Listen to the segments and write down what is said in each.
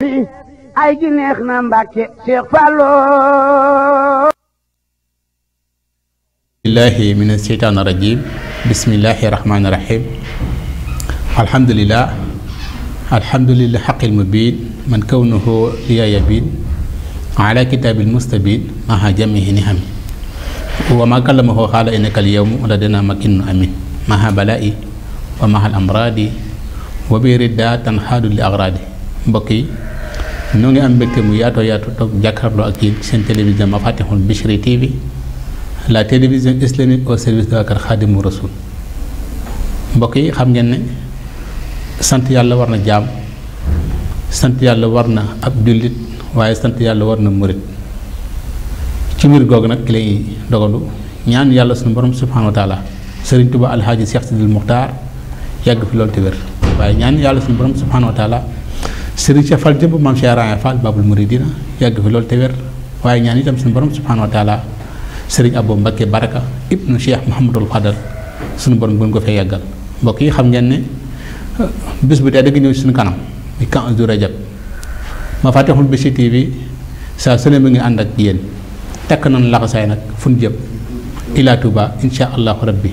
ay bismillahi irahmani irahim alhamdulilah alhamdulilah xaqil mubin man kawnuhu liya yabin ala kitaabil maha jamihi nihami wa ma kallamahu xaala innaka alyawma ladayna makinun amin maha balaa'i wa mahal amraadi wa ridda tanxaadu li agraadi mbokk ñoo ngi am mbégte mu yaatoo yaatu toog jàkkaarloo ak yéen seen télévision Mafatihul Bichri TV la télévision islamique au service de Bakar Khadimu Rasul mbokk yi xam ngeen ne sant yàlla war na jaam sant yàlla war na ab jullit waaye sant yàlla war na murit ci mbir googu nag ki lay dogalu ñaan yàlla sunu borom subhaanahu wa taala Serigne Touba Alhaji Cheikh Sidil Muxtaar yàgg fi loolu te waaye ñaan yàlla sunu borom subhaanahu wa Serigne Cheikh Fall jëmb maam Cheikh Raaya Fall Babul Mouridina yàgg fi loolu te wér waaye ñaan itam suñu borom subhaanahu wa taala Serigne Abou Mbacké Baraka ibnu Cheikh Mouhamadul Fadal suñu borom bu ñu ko fee yàggal mbokk yi xam ngeen ne euh, bis bu dee dëgg ñëw suñu kanam di kan du rajab Mafatihul Bichri TV saa su ne mi ngi ànd ak yéen takk nañ laxasaay nag fu ñu jëm ilaa Touba insha allahu rabbi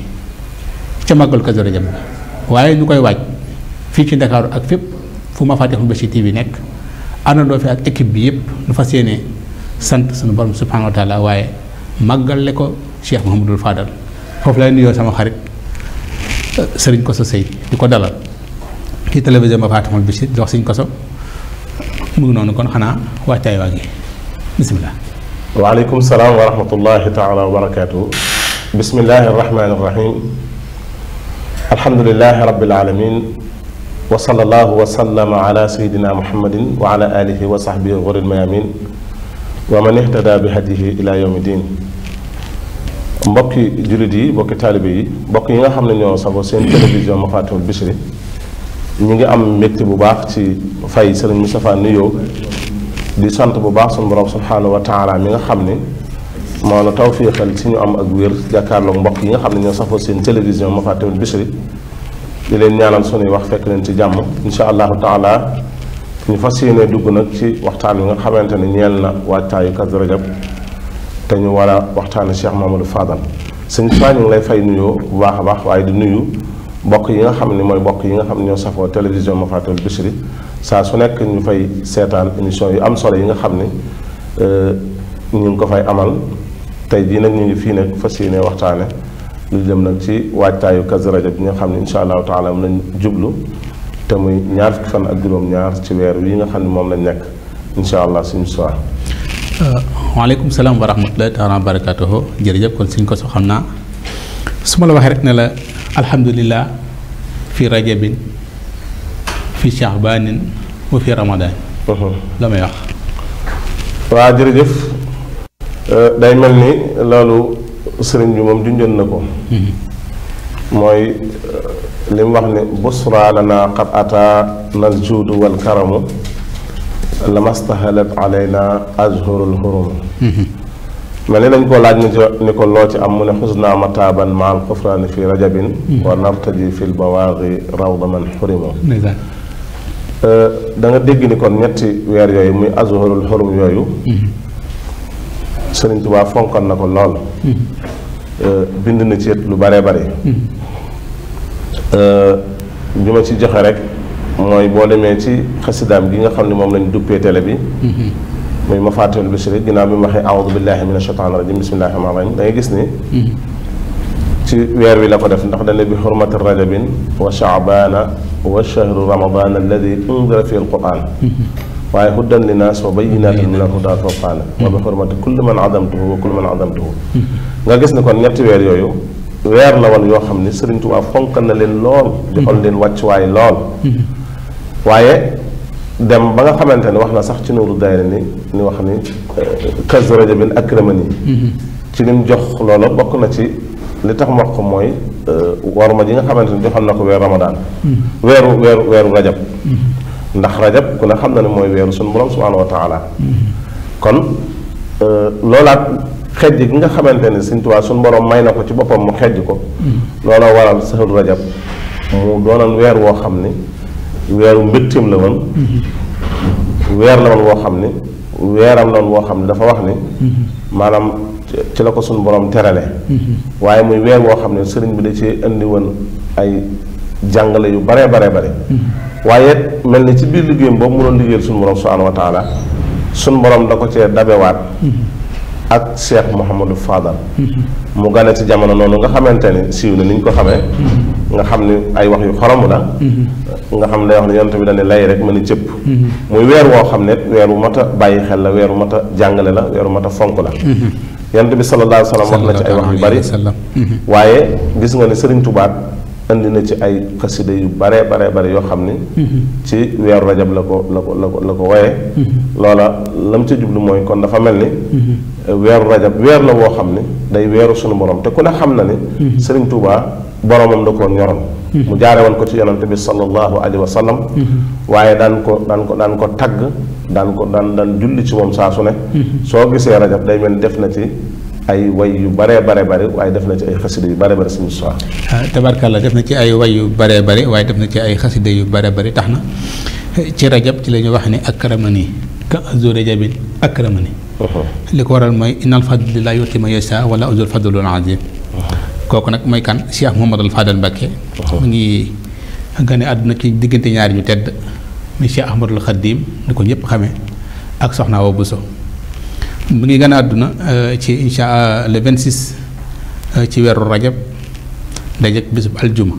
ca màggal Kazu Rajab waaye ñu koy waaj fii ak fu ma Fatihul Bichri TV nekk àndandoo fi ak équipe bi yëpp nu fas yéene sant suñu borom subhanahu wa taala ko màggale ko Cheikh Mouhamadul Fadal foofu lay nuyoo sama xarit euh, sëriñ Koso Sey di ko dalal ci télévision ba Fatihul Bichri dox sëriñ Koso mu noonu kon xanaa waajtaay waa ngi bisimilah. waaleykum salaam wa rahmatullahi taala wa barakaatu. bismillahi rahmaani rahim. alhamdulilahi rabbil alamin wa sallallahu wa sallama ala sayidina muhammadin wa ala alihi wa sahbihi xuril mayamin wa man ihtada bi hadihi ila yawmi din mbokki jullit yi mbokki taalibe yi mbokk yi nga xam ne ñoo sago seen télévision Mafatihul Bichri ñu ngi am mbégte bu baax ci fay sëriñ Moustapha nuyoo di sant bu baax sunu borom subhaanahu wa taala mi nga xam ne moo la tawféexal ci ñu am ak wér jàkkaarloog mbokk yi nga xam ne ñoo sago seen télévision Mafatihul Bichri li leen ñaanal sunuy wax fekk leen ci jàmm incha allahu taala ñu fas yéene dugg nag ci waxtaan wi nga xamante ne ñeel na waajtaayu Kazu Rajab te ñu war a waxtaane Cheikh Mamadou Fadal sëñ Fa ñu ngi lay fay nuyoo bu baax a baax waaye di nuyu bokk yi nga xam ni mooy bokk yi nga xam ne ñoo safoo télévision Mafaatihul Bichri saa su nekk ñu fay seetaan émission yu am solo yi nga xam ne euh, ñu ngi ko fay amal tey jii nag ñu ngi fii nag fas yéene waxtaane lu jëm nag ci waajtaayu Kazu Rajab bi nga xam ne incha allahu taala am nañ jublu te muy ñaar fukki fan ak juróom-ñaar ci weer yi nga xam ne moom lañ nekk incha allah suñu soir. Euh, waaleykum salaam wa rahmatulah taala barakatuhu jërëjëf kon naa su ma la waxee ne la alhamdulilah fi rajabin fi shahbanin wa fi ramadan uh-huh. la may wax. waa jërëjëf euh, day mel ni loolu. sëriñ bi moom junjoon na ko mooy euh, li wax ne busra lana qad ataana aljuudu walkaramu lamastahalat alayna ajhurul hurum mel ni dañ koo laaj ni ko ni ko loo ci am mu ne xusna mataaban ma al kufraani fi rajabin wa nartaji fi lbawaaqi rawda man xurimu euh, da nga dégg ni kon ñetti weer yooyu muy ajhurul hurum yooyu mhm. Sëriñ Tuubaa fonkoon na ko lool euh, bind na ci lu bare bare bi euh, ma ci joxe rek mooy boo demee ci xasidaam gi nga xam ne moom lañ duppee télé bi muy ma fàttewul bisiri ginnaaw bi ma waxee aoudu billahi mina shaytaani rajim bismillahi am rahim da gis ni ci weer wi la ko def ndax dana bi xurmati rajabin wa shaabaana wa shahru ramadan alladi unzila fi alquran waaye huddan li naas wa bayyinaatin min al-hudaa wal furqaan mm-hmm. wa bi hurmati kulli man azamtuhu wa kulli man azamtuhu mm-hmm. nga gis ne kon ñetti weer yooyu weer la woon yoo xam ne Sëriñ Tuubaa fonkal na leen lool joxal mm-hmm. leen wàccuwaay lool waaye dem ba nga xamante ne wax na sax ci nuuru daayira ni ni wax ni eh, kazu rajabin akramani ci lim jox loola bokk na ci li tax mu wax ko mooy eh, waruma ji nga xamante ne joxal na ko weeru ramadaan weeru weeru weeru rajab ndax rajab ku ne xam na ne mooy weeru sunu borom subhaanahu wa kon euh, loolaat xejj ki nga xamante ne Sëñ suñ sunu borom may na ko ci boppam mu xejj ko looloo waral sahru rajab mu doonoon weer woo xam ni weeru mbégteem la woon weer la xam ni weeram loon woo xam ni dafa wax ni maanaam ci la ko sunu borom terale waaye muy weer woo xam ne sëriñ bi da ci indi woon ay jàngale yu bare bare bare waaye mel na ci biir liggéey boobu mu doon liggéeyal suñu borom subhaanahu wa taala boroom borom da ko cee dabewaat mm-hmm. ak Cheikh Mouhamadou Fadal mm-hmm. mu gane ci jamono noonu nga xamante ne siiw na ni ñu ko xamee mm-hmm. nga xam ni ay wax yu xorom la nga xam ne wax ne yonent bi dañ lay rek mën a cëpp muy weer woo xam ne weer wu mat a bàyyi xel la weer mat jàngale la weer mat a fonk la yonent bi sallallahu alayhi wa sallam wax na ci ay wax yu bari waaye gis nga ne Sëriñ Tuubaa indi na ci ay xasida yu bare bare bare yoo xam ni mhm. ci weeru rajab la ko la ko la ko la ko woye mhm. loola lam ci jublu mooy kon dafa mel ni mhm. weeru rajab weer la woo xam ni day weeru sunu borom te ku ne xam na ni sëriñ Touba boromam da koo ñoroon mu jaare woon ko ci yonante bi sallallahu alayhi wa waaye daan ko daan ko daan ko tagg daan ko daan daan julli ci moom saa su ne soo gisee rajab day mel def na ci ay way yu baree bare bare waaye def na ci ay xasida yu bare bare suñu soir la ah, def na ci ay way yu baree bare waaye def na ci ay xasida yu bare bare tax na ci rajab ci la ñu wax ne akramani ka azu rajabin akramani uh-huh. li ko waral mooy innal fadli la ci ma yasa wala azul fadlul azim uh-huh. kooku nag mooy kan Cheikh Mouhamadul Fadal Mbacké uh-huh. mu ngi gane àdduna ci diggante ñaari ñu tedd mi Cheikh Ahmadul Khadim ni ko ñëpp xamee ak soxna wa mu ngi gën a euh, ci incha euh, le 26 euh, ci weeru rajab dajek bisub aljuma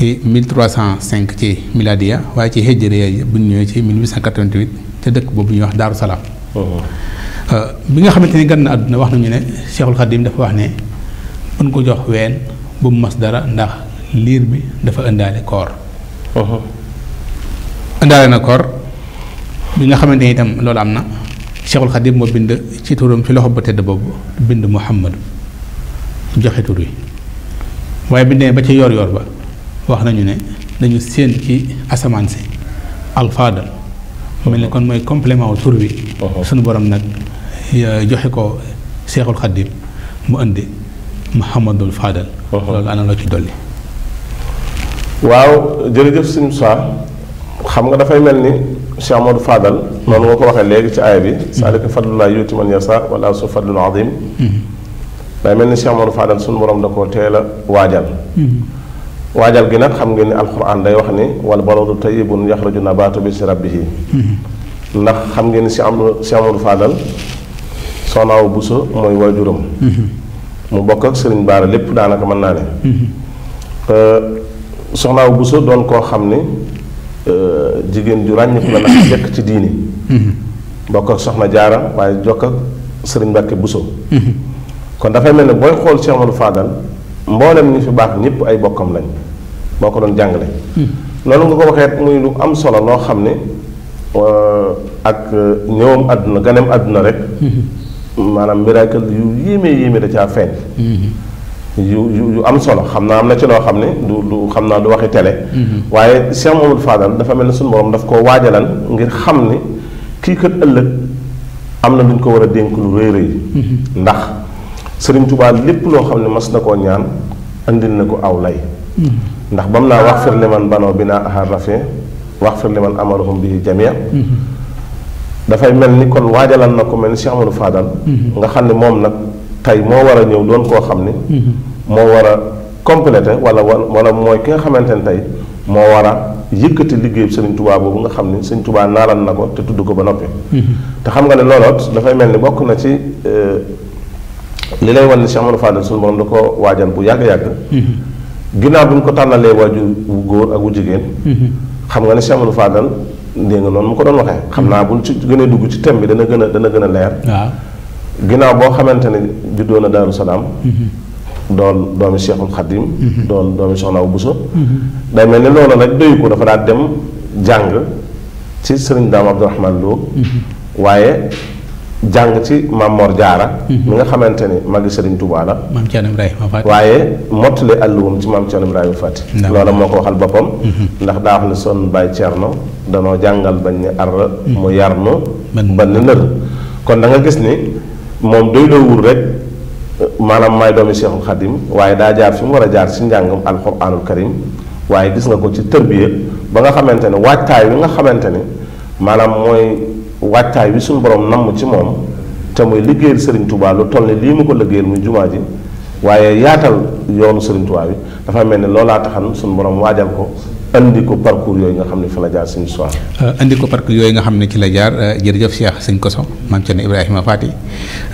ci 1305 ci miladiya waaye ci hijriya bu ñu ñëwee ci 1888 te dëkk boobu ñuy wax Daaru Salaam. Oh. bi nga xamante ni gën na àdduna wax nañu ne Cheikhul Khadim dafa wax ne mën ko jox ween bu mu mas dara ndax liir bi dafa ëndaale koor. Oh. ëndaale na koor bi nga xamante ni itam loolu am na. Cheikhul Khadim moo bind ci turam ci loxo bu tedd boobu bind Muhammad joxe tur wi waaye bi ba ci yoor yoor ba wax nañu ne dañu séen ci asamaan si alfaadal mel ni kon mooy complément wu tur wi uh-huh. sunu borom nag joxe ko Cheikhul Khadim mu indi Muhammadul Faadal uh-huh. loolu ana loo ci dolli waaw jërëjëf sëñ Moussa xam nga dafay mel ni Cheikh Amadou Fadal noonu nga ko waxee léegi ci aaya bi saalika fadlulaa yuuti man yasa wala su fadlun azim mm-hmm. day mel ni Cheikh Amadou Fadal suñu borom da koo teel a waajal mm-hmm. waajal gi nag xam ngeen ni alxuraan day wax ni wal baladu tayyibun yaxraju nabaatu bi si rabbihi mm-hmm. ndax xam ngeen si Cheikh Amadou Cheikh Amadou Fadal soxnaaw Buso mooy waajuram mu bokk ak Sëriñ Baara lépp daanaka mën naa ne euh, soxnaaw Buso doon koo xam ni euh, jigéen ju ràññiku la ndax jekk ci diini mm-hmm. boo ko soxna jaara waaye jokk ak sëriñ Mbàkke Buso mm-hmm. kon dafay mel ne booy xool Cheikh Amadou Fadal mboolem ñi fi baax ñëpp ay bokkam lañ boo ko doon jàngale mm-hmm. loolu nga ko waxee muy lu am solo loo xam ne euh, ak euh, ñëwam àdduna ganeem àdduna rek maanaam miracle yu yéeme yéeme da caa feeñ yu yu am solo xam naa am na ci loo xam ne du du xam naa du waxi télé. Mm-hmm. waaye Cheikh Mamadou Fadal dafa mel ne suñu borom daf koo waajalan ngir xam ne kii kat ëllëg am na lu ko war a dénk lu rëy rëy mm-hmm. ndax Serigne Touba lépp loo xam ne mas na koo ñaan andil na ko aw lay. Mm-hmm. ndax bam naa wax fir liman banoo bi naa ahar rafe wax fir liman amarahum bi jamia dafay mel ni kon waajalan na ko mel ni Cheikh Mamadou Fadal. nga xam ne moom nag. tey moo war a ñëw doon koo xam moo war a complété wala wala mooy ki nga xamante ne tey moo war a yëkkati liggéeyu Sëriñ Tuubaa boobu nga xam ni Sëriñ Tuubaa naalal na ko te tudd ko ba noppi. Mm-hmm. te xam nga ne looloot dafay mel ni bokk na ci euh, li lay wan ni Cheikh Amadou Fadel suñu borom ko waajal bu yàgg yàgg. Mm-hmm. ginnaaw bi ko tànnalee waajur wu góor ak wu jigéen. Mm-hmm. xam nga ne Cheikh Amadou Fadel dégg nga noonu mu ko doon waxee. xam naa buñ ci gën a dugg ci thème bi dana gën a dana gën a leer. waaw ginnaaw boo xamante ne juddoo na Daaru Salaam. doon doomi Cheikhul Khadim mhm. doon doomi Soxna Bousso mhm. day mel ni loolu nag doyu ko dafa daan dem jàng ci sëriñ Daam Abdourahmane Lo mhm. waaye jàng ci mamoor Mor Jaara mi nga xamante ni magi sëriñ Tuubaa la waaye mottale àlluwam ci Maam Cerno Ibrahima Fati loola moo ko waxal boppam ndax daa wax ne son Baay Cerno danoo jàngal bañ ni ar mu yar nu ba ni nër kon da gis ni moom doy doowul rek maanaam maay doomi Seexul Xadim waaye daa jaar fi mu war a jaar si njàngam alxuraanul karim waaye gis nga ko ci tërbiya ba nga xamante ne waajtaay wi nga xamante ne maanaam mooy waajtaay wi suñu borom namm ci moom te muy liggéeyal sëriñ Touba lu toll ne lii mu ko liggéeyal muy jumaa ji waaye yaatal yoonu Serigne Touba bi dafa mel ne loolaa taxan suñu borom waajal ko andi ko parcours yooyu nga xam ne fi la jaar suñu soir. Euh, andi ko parcours ne euh, Ibrahima Faati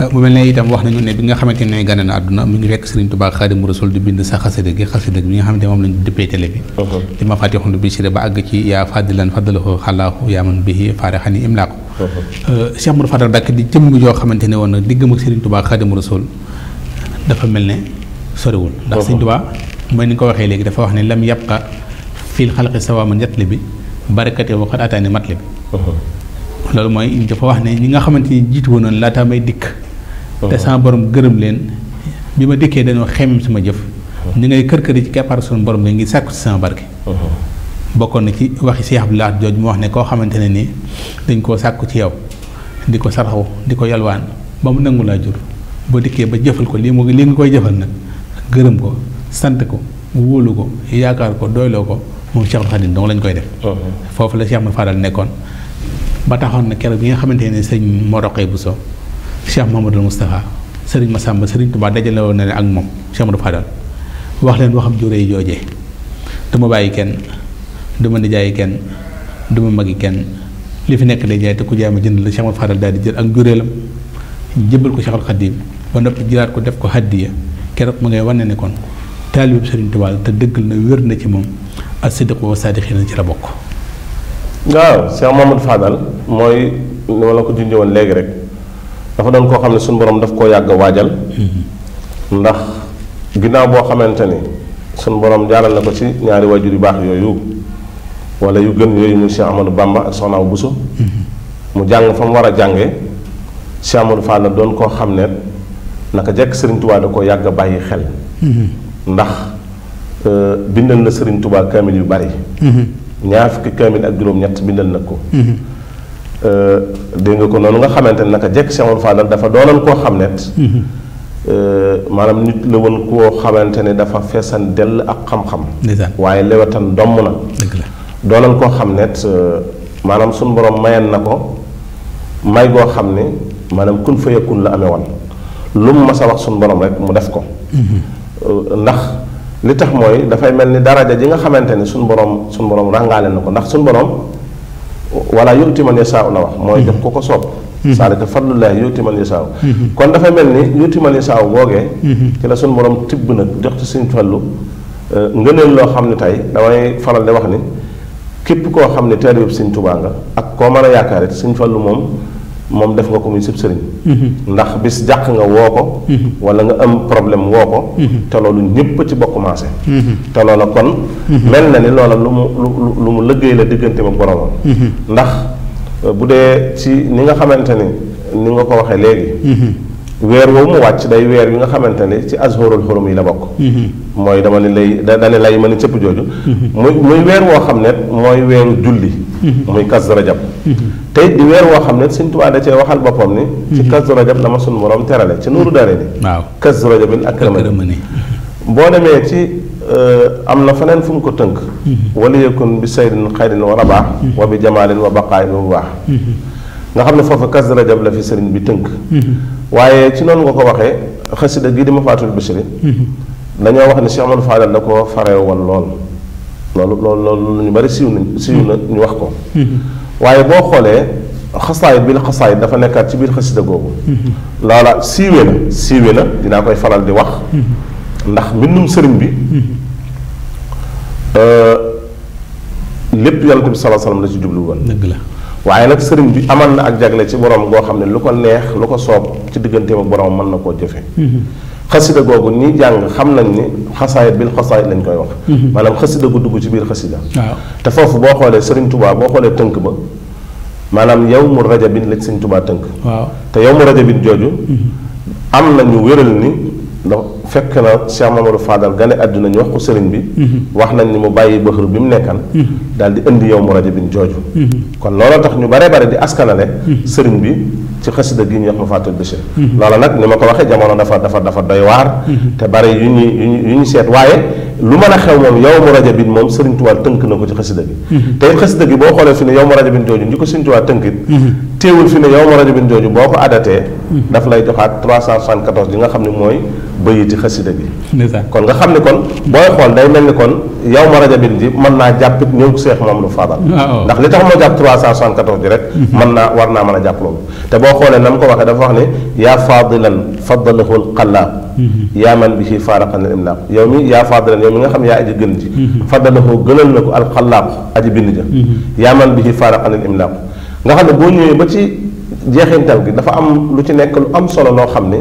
euh, mu mel ne itam wax nañu ne bi nga xamante ne gane na àdduna mu ngi fekk Serigne Touba Xaadimu Rasuul xam ne moom lañu dëppee télé bi. li uh-huh. ma fàtte waxoon bi si ba uh-huh. dafa mel ne soriwul. ndax Serigne uh-huh. Touba mooy ni ko waxee léegi dafa wax ne lam yabqa fil xalqi ma yatli bi barakati wa qad ataani matli bi loolu mooy dafa wax ne ñi nga xamante ni jiitu woon noonu laataa may dikk te sama borom gërëm leen bi ma dikkee dañoo xemem sama jëf ñu ngay kër kër yi ci keppaar suñu borom bi ngi sàkku si sama barke bokkoon na ci waxi Cheikh Abdoulaye jooju mu wax ne koo xamante ne nii dañ koo sàkku ci yow di ko sarxu di ko yalwaan ba mu nangu laa jur boo dikkee ba jëfal ko lii mu lii nga koy jëfal nag gërëm ko sant ko wóolu ko yaakaar ko doyloo ko moom Cheikh Khadim dong lañ koy def. Oh. foofu la Cheikh Mouhamed Fadal nekkoon ba taxoon na keroog bi nga xamante ne sëñ moo roqee bu so Cheikh Mouhamadou Moustapha sëriñ ma Massamba sëriñ Touba dajale woon na ne ak moom Cheikh Mouhamed Fadal wax leen waxam jure yi joojee du bàyyi kenn du ma nijaayi kenn du ma magi kenn li fi nekk day jaay te ku jaay ma jënd la Cheikh Mouhamed Fadal daal di jël ak njureelam jëbal ko Cheikh Khadim ba noppi jilaat ko def ko hàddiya keroog mu ngay wane ne kon te dëggal na wér na ci moom. as-sidqu wa saadiqiina ci la bokk. waaw Cheikh Mamadou Fadal mooy ni ma la ko junjee woon léegi rek dafa doon koo xam ne suñu borom daf koo yàgg waajal. Mm-hmm. ndax ginnaaw boo xamante ne suñu borom jaaral na ko ci ñaari waajur yu baax yooyu walla yu gën yooyu muy Cheikh Amadou Bamba ak Soxna Awa mm-hmm. mu jàng fa mu war a jànge Cheikh Amadou Fadal doon koo xam ne naka jekk Serigne Touba da koo yàgg a bàyyi xel. Mm-hmm. ndax. Euh, bindal na Serigne Touba kaamil yu bari. Mhm. ñaar fukki kaamil ak juróom-ñett bindal na ko. Mhm. Euh, dégg nga ko noonu nga xamante ne naka jekk Cheikh Fadal dafa doonoon koo xam ne. Mhm. Euh, maanaam nit koo xamante ne dafa feesan dell ak xam-xam. waaye lewetan domm na. doonoon koo xam ne maanaam suñ boroom mayan na ko may goo xam ne maanaam kun fa yakun la amee woon lu mu mas a wax suñu borom rek mu def ko. ndax. li tax mooy dafay mel ni daraja ji nga xamante ni suñu borom suñu borom ràngaale na ko ndax suñu borom wala yu'ti man yashaa'u la wax. mooy def ko ko soob. Mm-hmm. saalika fadlullahi yu'ti man yashaa'u mm-hmm. kon dafay mel ni yu'ti man yashaa'u googee. Mm-hmm. ci la suñ borom tibb nag jox ci suñ fallu euh, ngëneel loo xam ne tey damay faral di wax ni képp koo xam ne taalibe Sëriñ Tuubaa nga ak koo mën a yaakaar it suñu fallu moom. moom def nga ko muy sëb sëriñ mhm. ndax bis jàq nga woo ko mhm. wala nga am problème woo ko mhm. te loolu ñépp ci bokk commencé te la kon mel na ni loola lu mu lu mu liggéey la diggante ma boromam ndax euh, bu dee ci ni nga xamante ni ni nga ko waxee léegi weer woowu mu wàcc day weer yi nga xamante ni ci azhorul xurum yi la bokk mooy dama ni lay da dani lay mën a cëpp jooju muy muy weer woo xam ne mooy weeru julli Mhm. muy kas rajab mhm. tey di weer woo xam ne Sëñ Tuubaa da cee waxal boppam ni mhm. ci kas rajab la ma sunu borom terale ci nuuru dare ni waaw kas rajabin ak këramani boo demee ci euh, am na feneen fu mu ko tënk wala yakun bi saydin xayrin wa rabaa wa bi jamaalin wa baqaayin wa baax nga xam ne foofu kas rajab la fi sëriñ bi tënk waaye ci noonu nga ko waxee xasida gi di ma faatul bishri dañoo wax ne Cheikh Amadou Fadal da ko fare woon lool loolu loolu loolu ñu bari siiw nañ siiw na ñu wax ko mm-hmm. waaye boo xoolee xasaayit bi la xasaayit dafa nekkaat ci biir xasida googu mm-hmm. loola siiwe na siiwe na dinaa koy faral di wax mm-hmm. ndax mbindum sëriñ bi euh, lépp yonent bi salaa salaam la ci jublu woon dëgg la waaye nag sëriñ bi amal na ak jagle ci borom goo xam ne lu ko neex lu ko soob ci digganteem ak borom mën na koo jëfe xasida googu ñi jàng xam nañ ni xasaayit bil xasaayit lañ koy wax mhm. maanaam xasida gu dugg ci biir xasida te foofu boo xoolee Sëriñ Tubaa boo xoolee tënk ba maanaam yow mu rajabin la Sëriñ Tubaa tënk te yow mu rajabin jooju mhm. am na ñu wéral ni da fekk na Cheikh Mamadou Fadal gane àdduna ñu wax ko sëriñ bi mhm. wax nañ ni mu bàyyi bëxër bi mu nekkan daal di indi yow mu rajabin jooju kon looloo tax ñu bare bare di askanale sëriñ bi ci xasida gi ñuy wax Mafaatul Bichri mhm. loola nag ni ma ko waxee jamono dafa dafa dafa doy waar mhm. te bari yu ñu yu ñu seet waaye lu mën a xew moom yow mu rajo bi moom Serigne Touba tënk na ko ci xasida gi mhm. te it xasida gi boo xoolee fi ne yow mu rajo bi jooju ñi ko Serigne Touba tënkit téewul fi ne yow mu rajo jooju boo ko adatee daf lay joxaat 374 yi nga xam ne mooy bayiti xasida bi kon nga xam ne kon booy xool day mel ni kon yow ma rajabin ji mën naa jàppit ñëw seex moom lu faadal ah, oh. ndax li tax moo jàpp 374 ji rek mhm. naa war naa a jàpp loolu te boo xoolee na ko waxee dafa wax ne yaa faadilan faddalahul xallaab mhm. yaa man bihi faaraqan al imlaaq yow mi yaa faadilan yow mi nga xam yaa aji gën ji mhm. faddalahu gënal na ko al xallaab aji bind ja yaa man bihi faaraqan al imlaaq nga xam ne boo ñëwee ba ci jeexintal gi dafa am lu ci nekk lu am solo loo xam ne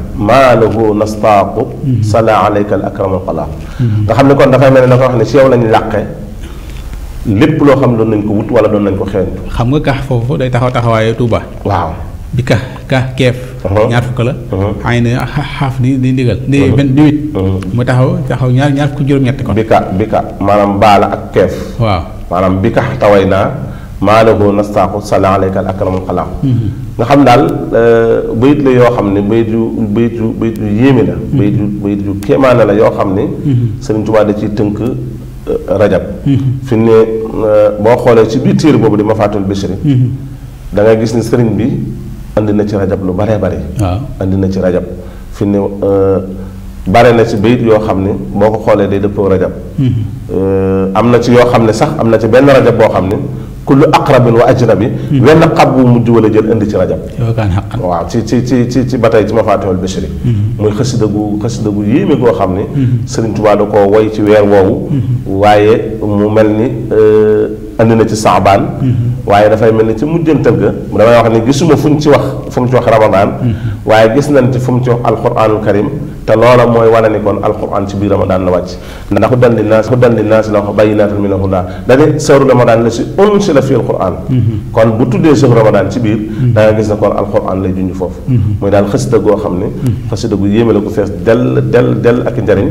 maalahu nastaaqu mhm. sala alayka al akramu alqalaaq mhm. nga xam ne kon dafay mel ne dafa wax ne si yow lañu làqe lépp loo xam doon nañ ko wut wala doon nañ ko xeentu xam nga kax foofu day taxaw taxawaayu Tuuba waaw bi ka kax keef uh-huh. ñaar fukk la xay uh-huh. na ah, ah, xaaf ni di ndigal uh-huh. di vingt-huit mu taxaw taxaw ñaar ñaar fukk juróom-ñett kon bi ka bi ka maanaam baala ak keef waaw maanaam bi kax taway naa maalahu nastaaxu sala alayka al akramul xalaam nga xam daal euh, bayit la yoo xam ne bayit yu bayit yu bayit yu yéeme la bayit yu bayit la yoo xam ne Sëriñ Tuubaa da ciy tënk euh, rajab fi euh, boo xoolee ci biir téere boobu di Mafaatul Bichri da nga gis ni sëriñ bi andi na ci rajab lu bare bare andi na ci rajab fi bare na ci bayit yoo xam ne boo ko xoolee day dëppoo rajab mm-hmm. euh, am na ci yoo xam ne sax am na ci benn rajab boo xam ne kullu aqrabin wa ajnabi mm-hmm. wenn xab bu mujj wala jël indi ci rajab waaw ci ci ci ci ci ba tey ci ma faatihul bishri mm-hmm. muy xasida gu xasida gu yéeme goo xam ne Sëriñ Tuubaa da ko woy ci weer woowu waaye mu mel ni euh, andi na ci saabaan mm-hmm. waaye dafay mel ni ci mujjantal ga damay wax ni gisuma fu mu ci wax fu mu ci wax ramadaan mm-hmm. waaye gis nañ ci fu ci wax alquranul karim te loola mooy wane ni kon alquran ci biir ramadaan da nga gis ne kon alquran lay junj foofu mm-hmm. muy daal xasida goo xam ne xasida gu yéeme la ko fees dell dell ak njariñ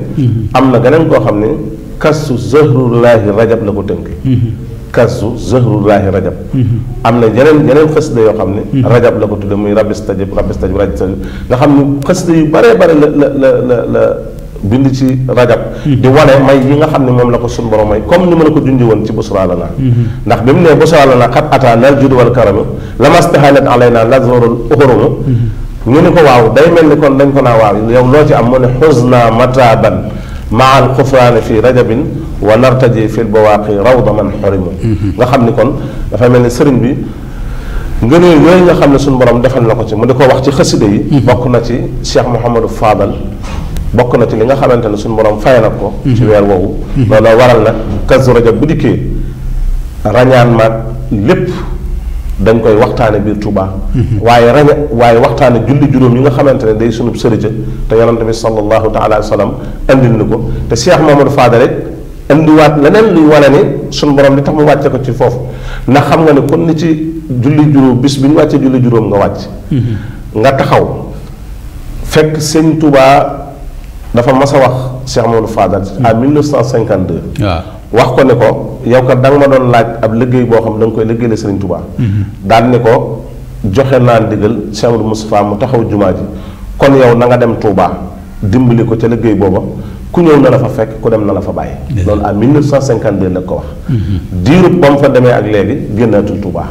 am na geneen koo xam ne kasu zahrullahi rajab la ko tënk kazu zahrullahi rajab mhm. am na yeneen yeneen xasida yoo xam ne mhm. rajab la ko tudde muy rabis tajib rabis tajib rajab nga xam ne xasida yu bare bare la la la la la bind ci rajab mhm. di wane may yi nga xam ne moom la ko suñu may comme ni ma la ko junj woon ci busraa lanaa ndax bi mu ne busraa lanaa xat ataa nal judd wal karama lamastahanat alayna lazorul uxuruma ñu ne ko waaw day mel ni kon dañ ko naa waaw yow loo ci am mu ne xusna mataban maa al xufraani fii rajabin wa nartaji fil raw rawda man xorimu nga xam ni kon dafay mel ni sëriñ bi ngëneel yooyu nga xam ne suñu borom defal na ko ci mu di ko wax ci xasida yi mm-hmm. bokk na ci Cheikh Mouhamadou Fadal bokk na ci li nga xamante ne suñu borom fay na ko ci mm-hmm. weer woowu mm-hmm. loolu waral nag kazu rajab bu dikkee rañaan maag lépp dañ koy waxtaane biir Touba. waaye raña waaye waxtaane julli juróom yi nga xamante ne day sunub sërëja te yonante bi sallallahu taala wa sallam andil ni ko te Cheikh Mamadou Fadel it indiwaat leneen luy wane ni suñ borom li tax mu wàcce ko ci foofu ndax xam nga ne kon ni ci julli juróom bis bi ñu wàccee julli juróom nga wàcc nga taxaw fekk sëñ tubaa dafa mas a wax Cheikh Mamadou Fadel en 1952 waaw wax ko ne ko yow kat danga ma doon laaj ab liggéey boo xam da nga koy liggéeyal Sëriñ Tuubaa mm-hmm. daal ne ko joxe naa ndigal Cheikh Amadou Moustapha mu taxaw jumaa ji kon yow na nga dem Touba dimbali ko ca liggéey booba ku ñëw na la fa fekk ku dem na la fa bàyyi loolu en 1952 la ko wax mm-hmm. diirub ba mu fa demee ak léegi génnaatul Touba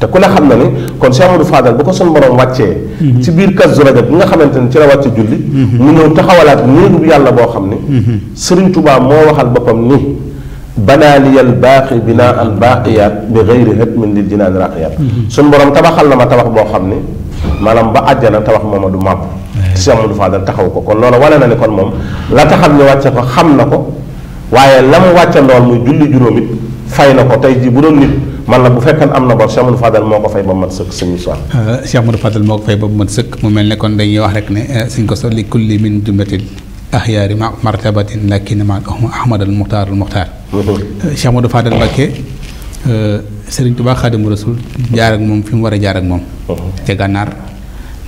te ku ne xam na ni kon Cheikh Amadou Fadal bu ko suñu borom wàccee mm-hmm. ci biir Kazu Rajab bi nga xamante ni ci la wàcce julli mu ñëw taxawalaat néegub yàlla boo xam ni Sëriñ Touba moo waxal boppam ni banaaliyal baaxi binaa an baaqiyaat bi xëyri hatmin lil jinaan raqiyaat suñ borom tabaxal na ma tabax boo xam ne maanaam ba àjjana tabax mooma du màpp si Amadou Fadal taxaw ko kon loolu wane na ne kon moom la taxal ñu wàcce ko xam na ko waaye la mu wàcce ndool muy julli juróom it fay na ko tey jii bu doon nit man la bu fekkan am na bor Cheikh Amadou Fadal moo ko fay ba mu mat sëkk suñu euh, soir Cheikh Amadou Fadal moo ko fay ba mu mat sëkk mu mel ne kon dañuy wax rek ne euh, suñ ko so li kulli min jumlatil axyaari ma martabatin na ma ahmad al muxtaar al muxtaar faa mhm. Amadou Fadal Mbacké euh, Sëriñ Tuubaa Xaadimu Rasuul jaar ak moom fi mu war a jaar ak moom mhm. ca gànnaar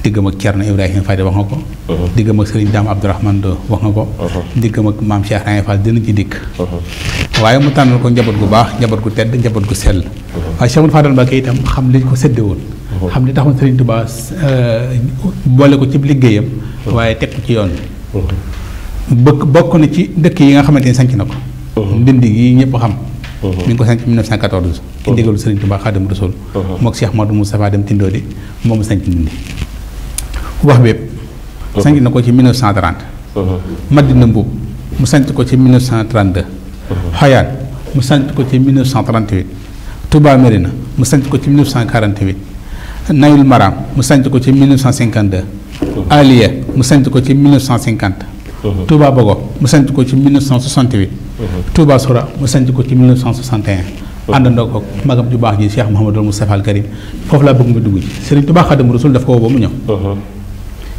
diggam ak Cerno Ibrahima Fadi wax nga ko mhm. diggam ak Sëriñ Daam Abdourahmane Do wax nga ko diggam ak maam Cheikh Rangé Fall dina ci dikk waaye mu tànnal ko njaboot gu baax njaboot gu tedd njaboot gu sell waaye Cheikh Amadou Fadal Mbacké itam xam liñ ko sédde woon xam li taxoon Sëriñ Tuubaa euh, boole ko ci liggéeyam waaye teg ci yoon bëgg bokk na ci dëkk yi nga xamante ni sanc na ko ndindi mhm. gi ñëpp xam mhm. mi ngi ko sanc 1914 ci mhm. ndigalu Sëriñ Tuubaa Xaadimu Rasuul mook Cheikh Madou Moustapha dem Tindoodi moom sanc na ko ci 1930 Madina Mbuub mu sanc ko ci 1932 Xayaan mu sanc ko ci 1938 Touba Mérina mu sanc ko ci 1948 Nayul Maram mu sanc ko ci 1952 Aliya mu sanc ko ci 1950 Uh-huh. Touba Bogo mu sanc ko ci 1968. Uh-huh. Touba Sora mu sanc ko ci 1961. Uh-huh. àndandoo ko magam ju baax ji Cheikh Mouhamadul Moustapha al Karim foofu laa bëgg nga dugg ci Serigne Touba Xaadimu Rasuul daf ko woo ba mu ñëw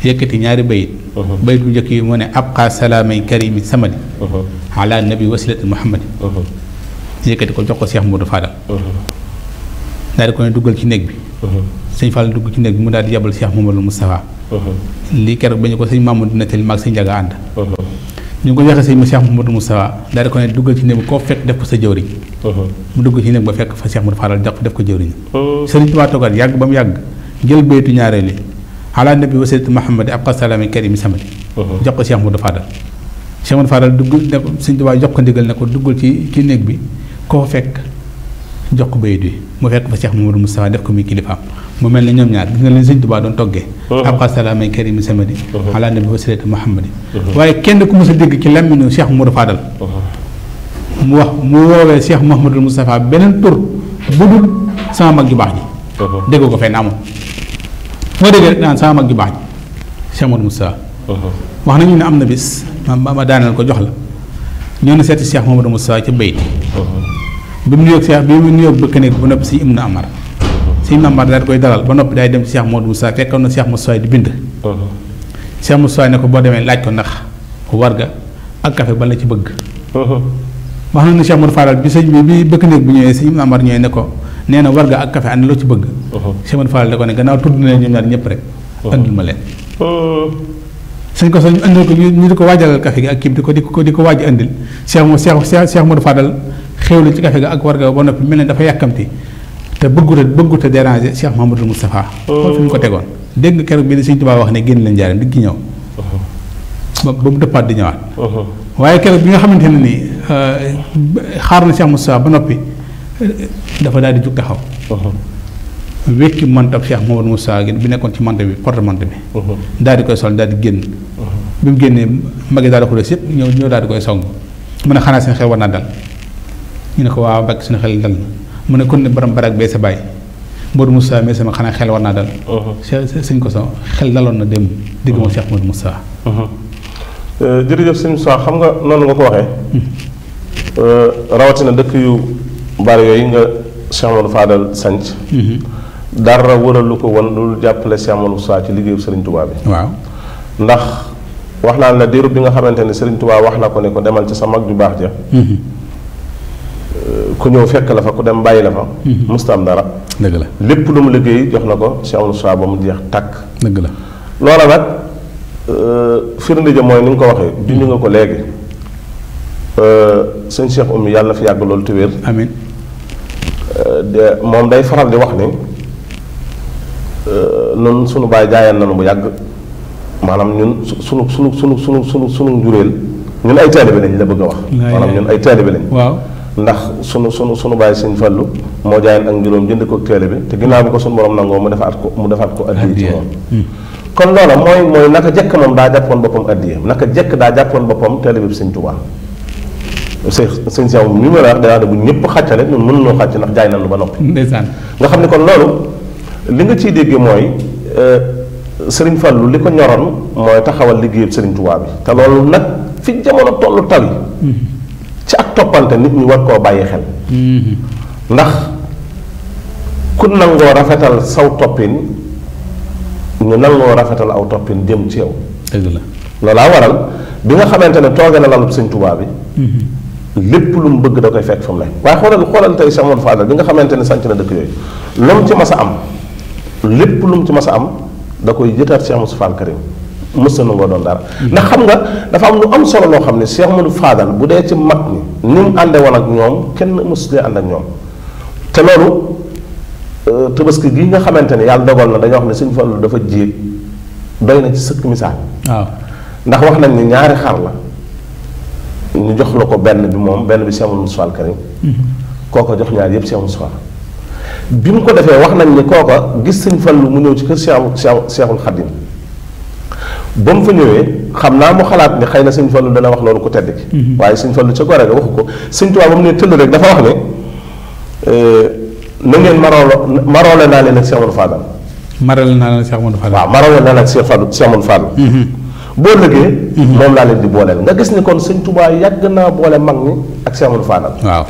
yëkkati ñaari bayit bayit bu njëkk yi mu ne abqa salaamay karimi samadi ala nabi wasilati muhammadi yëkkati ko jox ko mu Modou Fadal daal di ko ne duggal ci néeg bi. Mhm. sëñ Fall dugg ci néeg bi mu daal di yabal Cheikh Mamadou Moustapha. Mhm. lii keroog ba ñu ko sëñ Mamadou nettali maag sëñ Njaga ànd. Mhm. ñu ngi ko joxe sëñ Cheikh Mamadou Moustapha daal ko ne duggal ci néeg bi koo ko mu dugg ci ba fekk fa Cheikh Mamadou Fall def ko jëwriñ. sëriñ Tuubaa toogaat ba mu yàgg jël baytu ñaareel yi ala nabi wa sayyid Muhammad ab kasalaami karim samadi jox ko Cheikh Mamadou Fadal dugg ne sëñ Tuubaa jox ko ndigal ko duggal ci ci néeg bi koo fekk jox ko bayit wi mu fekk fa Cheikh Mamadou Moustapha def ko muy kilifaam mu mel ne ñoom ñaar gis nga leen sëñ Tuubaa doon toggee abqa salaamay karimi samadi uh-huh. ala nabi wasilati muhammadi uh-huh. waaye kenn ku mos a dégg ci làmmiñu Cheikh Mamadou Fadal uh-huh. mu wax mu woowee Cheikh Mouhamadou Moustapha beneen tur bu dul sama mag ju baax ji dégg ko fenn amoon moo déggee rek naan sama mag ju baax ji Cheikh Mouhamadou Moustapha wax nañu ne am na bis ma ma daaneel ko jox la ñoo ne seeti Cheikh Mouhamadou Moustapha ca bayit bi mu nuyoog Cheikh bi mu nuyoog bëkk néeg ba noppi si Ibnu Amar si Ibnu Amar daal koy dalal ba noppi daay dem si Cheikh Modou Moussa fekkoon na Cheikh Moussa di bind. Cheikh Moussa ne ko boo demee laaj ko ndax warga ak café ba la ci bëgg. wax na ne Cheikh Modou Fadal bi sëñ bi bi bëkk néeg bu ñëwee si Ibnu Amar ñëwee ne ko nee na warga ak café ànd loo ci bëgg. Cheikh Modou Fadal da ko ne gannaaw tudd na leen ñoom ñaar ñëpp rek. andul ma leen. suñ ko soñ andil ko ñu di ko waajalal café gi ak kii di ko di ko di ko waaj a andil Cheikh Cheikh Cheikh Modou Fadal xéewlu ci kafe ga ak warga ba noppi mel ne dafa yàkkamti te bëggut a bëggut a déranger Cheikh Mahamadou Moustapha xool oh. fi mu ko tegoon dégg nga keroog bi ne Sëñ wax ne génn leen jaareen digg ñëw oh. ba ba mu dëppaat di ñëwaat oh. waaye keroog bi nga xamante ne ni euh, xaar na Cheikh Moustapha ba noppi euh, dafa daal di jug taxaw wékki mantab Cheikh Mahamadou Moustapha bi nekkoon ci mante bi porte mante bi daal di koy sol daal di génn bi mu génnee magi daal di xulees yëpp ñëw ñëw daal di koy song mu ne xanaa seen xel war naa dal ñu ne ko waaw bakk suñu xel dal na mu ne kon ne borom barak bee sa bàyyi Modou Moussa mais sama xanaa xel war naa dal. Uh-huh. sëñ ko sa xel daloon na dem. dégg ma uh-huh. Cheikh mu Moussa. Uh-huh. Uh, jërëjëf sëñ Moussa xam nga noonu nga ko waxee. Hmm. Uh, rawatina dëkk yu yooyu nga Cheikh Modou Fadal sanc hmm. dara wëralu ko woon loolu jàppale Cheikh Modou Moussa ci liggéeyu Serigne Touba bi. waaw ndax wax naa la diiru bi nga xamante ne Serigne Touba wax na ko ne ko demal ci sa mag ju baax ja. Hmm. ku ñëw fekk la fa ku dem bàyyi la fa. Mhm. musta am dara. dëgg la lépp lu mu liggéey jox na ko Cheikh Moussa ba mu jeex tàkk. dëgg la loola nag euh, firnde ja mooy ni nga ko waxee junj nga ko léegi euh, sëñ Cheikh Oumy yàlla na fi yàgg loolu te wér. amiin euh, moom day faral di wax ni noonu sunu baay jaayaan nañu bu yàgg maanaam ñun sunu sunu sunu sunu sunu sunu njureel ñun ay taalibe lañ la bëgg a wax. maanaam ñun ay taalibe lañ. waaw. ndax sunu sunu sunu bàyyi sëñ Fallu moo jaayoon ak njuróom jënd ko teele bi te ginnaaw bi ko sunu boroom nangoo mu defaat ko mu defaat ko addiya ci moom hmm. kon loola mooy mooy naka jekk moom daa jàppoon boppam addiya naka jekk daa jàppoon boppam teele bi sëñ Tuubaa sëñ sëñ Seex mi ma la wax danaa de bu ñëpp xàccale ñun mën noo xàcc ndax jaay nañu ba noppi nga xam ne kon loolu nga ciy dégge mooy euh, sëriñ Fallu li ñoroon mooy taxawal liggéeyub sëriñ tubaab bi te loolu nag fi jamono tollu tawi hmm. toppante nit ñi war koo bàyyi xel mm-hmm. ndax ku nangoo rafetal saw toppin ñu nangoo rafetal aw toppin jëm ci yow dëgg la loolaa waral bi nga xamante ne tooge na lalub sëñ Tuubaa bi mm-hmm. lépp lu mu bëgg da koy fekk fa mu ne waaye xoolal xoolal tey Cheikh Modou Fadal bi nga xamante ne sànc la dëkk yooyu lu ci mas a am lépp lu ci mas a am da koy jëtaat Cheikh Moussa Fall Karim mës na nangoo doon dara mm-hmm. ndax xam nga dafa am lu am solo loo xam ne ma du Fadal bu dee ci mag ñi ni mu ànde woon ak ñoom kenn mësutee ànd ak ñoom te loolu euh, tabaski gi nga xamante ne yàlla dogal na dañoo wax ne suñu Fallu dafa jiit doy na ci sëkk misaal waaw ndax wax nañ ni ñaari xar la ñu jox la ko benn bi moom benn bi Seexul Mustafaa Karim mhm. kooko jox ñaar yépp Seexul Mustafaa bi mu ko defee wax nañ ni kooka gis suñu lu mu ñëw ci kër Seexul Seexul Xadim ba mu fa ñëwee xam naa mu xalaat ni xëy na sëñ Fallu dana wax loolu ko tedd ki mhm. waaye sëñ Fallu ca gore ga waxu ko sëñ Tuubaa ba mu ne tëll rek dafa wax ne euh, na ngeen maroolo maroole naa leen ak Cheikh Amadou maroole naa leen ak Cheikh Amadou Fadal waaw maroole naa leen ak Cheikh Fadal Cheikh Amadou mhm. mhm. laa leen di booleel nga gis ni kon sëñ Tuubaa yàgg naa boole mag ñi ak Cheikh Amadou Fadal waaw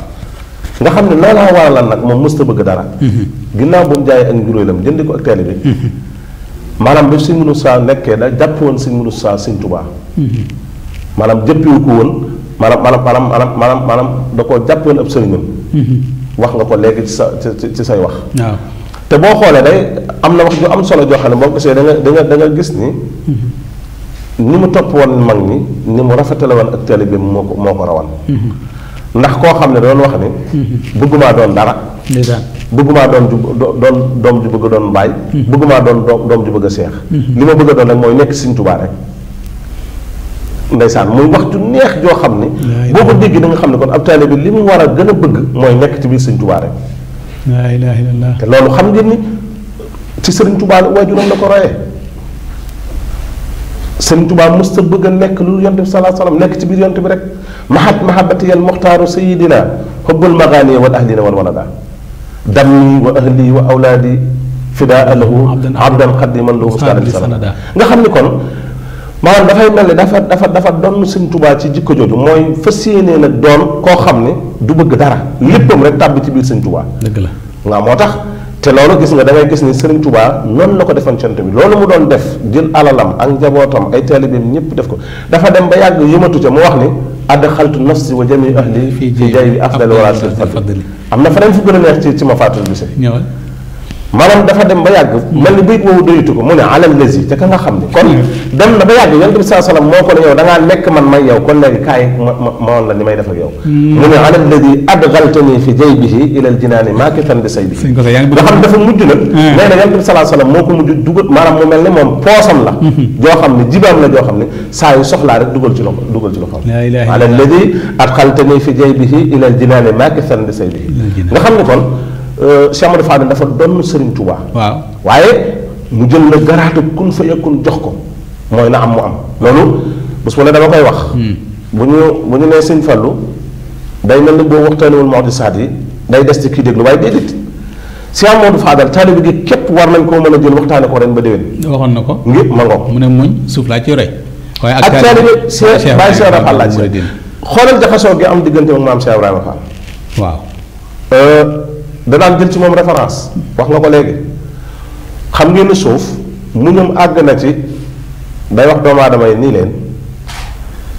nga xam ne loolaa waralal nag moom mësta bëgg dara ginnaaw bu mu jaayee ak njuróolam jënd ko ak teel bi maanaam ba Sëñ saa nekkee da jàpp woon Sëñ Moussa Sëñ Touba. maanaam jëppiwu ko woon maanaam maanaam maanaam maanaam maanaam da koo jàpp woon ab sëriñam. wax nga ko léegi ci sa ci say wax. te boo xoolee day am na wax ju am solo joo xam boo gisee da nga da nga da gis ni. ni mu topp woon mag ñi ni mu rafetale woon ak taalibe bi moo ko moo ko rawan. ndax koo xam ne doon wax ni. Mhm. bëggumaa doon dara. bëggumaa doon ju doon doom ju bëgg a doon mbaay hmm. bëggumaa doon doom ju bëgg a seex hmm. li ma bëgg a doon nag mooy nekk Sëriñ Tuubaa rek ndeysaan muy waxtu neex joo xam ne boo ko dégg da nga xam ne kon ab taalibe bi li mu war a gën a bëgg mooy nekk ci biir Sëriñ Tuubaa rek te loolu xam ngeen ni ci Sëriñ Tuubaa la waajuram la ko royee Sëriñ Tuubaa musta bëgg a nekk lu yonte bi salaa salaam nekk ci biir yonte bi rek mahat mahabati yan moxtaaru sayidina xubbul magaani wal ahlina wal walada dammi wa ahli wa awlaadi fidaa lahu abdan xadiman lahu sanada nga xam ni kon maanaam dafay mel ni dafa dafa dafa doon Sëñ tubaa ci jikko jooju mooy fas yéenee nag doon koo xam ne du bëgg dara léppam rek tàbbi ci biir Sëñ Tuubaa dëgg la waaw moo tax te loolu gis nga dangay gis ni Sëriñ tubaa noon la ko defan cont bi loolu mu doon def jël alalam ak njabootam ay taalibeem ñëpp def ko dafa dem ba yàgg yëmatu ca mu wax ni adxaltu nafsi wa jami ahli. fii jay bi afdal wala afdal am na feneen fu gën a neex ci ci ma fàttali bi si. maanaam dafa dem ba yàgg mel ni bayit woowu doyatu ko mu ne alal lazi te ka nga xam ne kon dem na ba yàgg yonent bi saa salaam moo ko ne yow da nekk man may yow kon léegi kaay ma ma mawoon la ni may def ak yow hmm. mu ne alal lazi adgaltani fi jaybihi ilal jinaani maakifan bi say bi nga xam dafa mujj nag hmm. nee na yonent bi saa salaam moo ko mujj dugal maanaam mu mel ne moom poosam la hmm. joo xam ne jibaam la joo xam ne saa soxlaa rek dugal ci loxo dugal ci loxo alal lazi adgaltani fi jaybihi ilal jinaani maakifan bi say bi nga xam ne kon Euh, Cheikh Amadou Fadel dafa doon Serigne Touba. waaw waaye mu jël la garaata kun fa yakun jox ko mooy na am mu am loolu bés bu ne dama koy wax. Hmm. bu ñu bu ñu nee Sëñ Fallu day mel ni boo waxtaanewul Maodo Saad yi day des ci kii déglu waaye déedéet Cheikh Amadou Fadel taalibe gi képp war nañ koo mën a jël waxtaane ko ren ba déwén. waxoon na ko ngir ma ngoog. mu ne muñ suuf laa ci rey. waaye ak taalibe Cheikh Baye Cheikh Rafa laaj xoolal jaxasoo gi am diggante ak maam Cheikh Ibrahima danaan jël ci moom référence wax nga ko léegi xam ngeen ne suuf mu ñoom àgg na ci day wax doomu aadama yi nii leen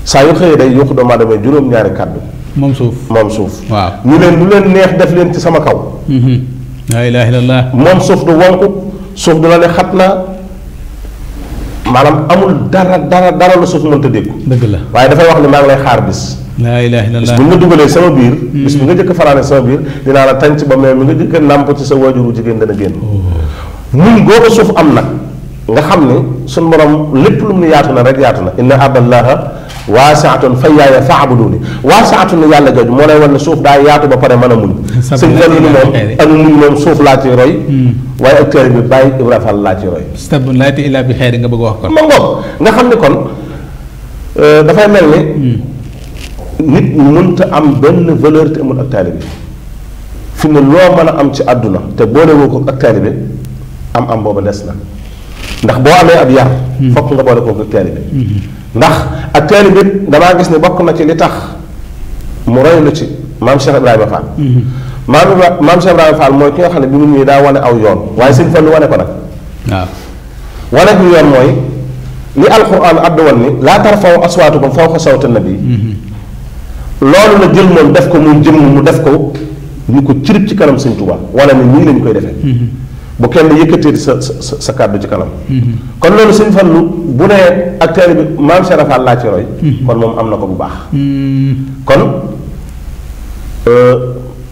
saa yu xëyee day yuq doomu aadama yi juróom-ñaari kàddu moom suuf moom suuf. waaw ñu leen lu leen neex def leen ci sama kaw. Mm-hmm. laa ilaaha illallaah. moom suuf du wonku suuf du la ne xat naa maanaam amul dara dara dara la suuf mënta dégg. dëgg la waaye dafay wax ni maa ngi lay xaar bis. laa ilaaha illallaah bis bu nga dugalee sama biir. Hmm. bis bu nga jëkk fanaane sama biir dinaa la tànc ba mais mi nga jëkk nàmp ci sa waajuru jigéen dana génn. Oh. muñ googu suuf am nag nga xam ne suñ borom lépp lu mu ne yaatu na rek yaatu na. inna abdallaaha waasiatun fa yaaya faabuduuni waasiatun ne yàlla jooju moo lay wan ne suuf daa yaatu ba pare mën a muñ. sëñ Fallu ni moom ak muñ moom suuf laa ci roy. Hmm. waaye ak teel bi bàyyi Ibrahima Fall laa ci roy. stabun laa ilaa bi xeer nga bëgg wax kon. ma ngoog nga xam ne kon euh, dafay ni. Hmm. nit mënta am benn valeur te amul ak taalibe fi ne loo mën a am ci àdduna te boolewoo ko ak taalibe am am booba des na ndax boo amee ab yar hmm. fokk nga boole ko ak taalibe hmm. ndax ak taalibe damaa gis ne bokk na ci li tax mu roy lu ci maam Cheikh Ibrahima Fall hmm. maam Ibrahima maam Cheikh Ibrahima Fall mooy ki nga xam ne bi mu ñëwee daa wane aw yoon waaye sëñ Fallu wane ko nag waaw wane ko yoon mooy li alxuraan addu woon ni laa tarfaw aswaatukum fawqa sawti nabi loolu la jël moom def ko moom jëmm mu def ko ñu ko cirib ci kanam sëñ Tuubaa wala ne nii lañ koy defee mm-hmm. bu kenn yëkkatee sa sa sa kàddu ci kanam mm-hmm. kon loolu sëñ Fallu bu nee acteur bi maam Serafal laa ci roy mm-hmm. kon moom am na ko bu baax kon euh,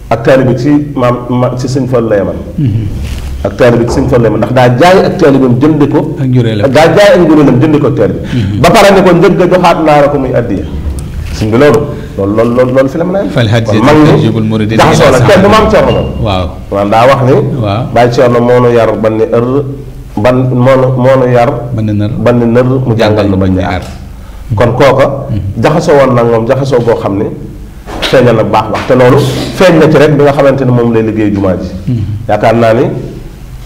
ak taalibe bi ci maam ma ci sëñ Fall la yemal ak taalibe bi ci sëñ Fall la yemal ndax daa jaay ak taalibeem jënde ko daa jaay ak njuréelam jënde ko ak taalibe ba pare ne ko njëg ga joxaat naa la ko muy addiya sëñ bi loolu loolu loolu loolu fi la mën a yem. fal hajj tajibul muridin jaxasoo na kenn du ma am Cerno moom. waaw man daa wax ni. waaw moo nu yar ban ër ban moo nu moo nu yar. ban mu jàngal nu bañ ñu aar kon kooka. jaxasoo woon nag moom jaxasoo boo xam ni feeñal na baax baax te loolu feeñ na ci rek bi nga xamante ni moom lay liggéey jumaa ji. Hmm. yaakaar naa ni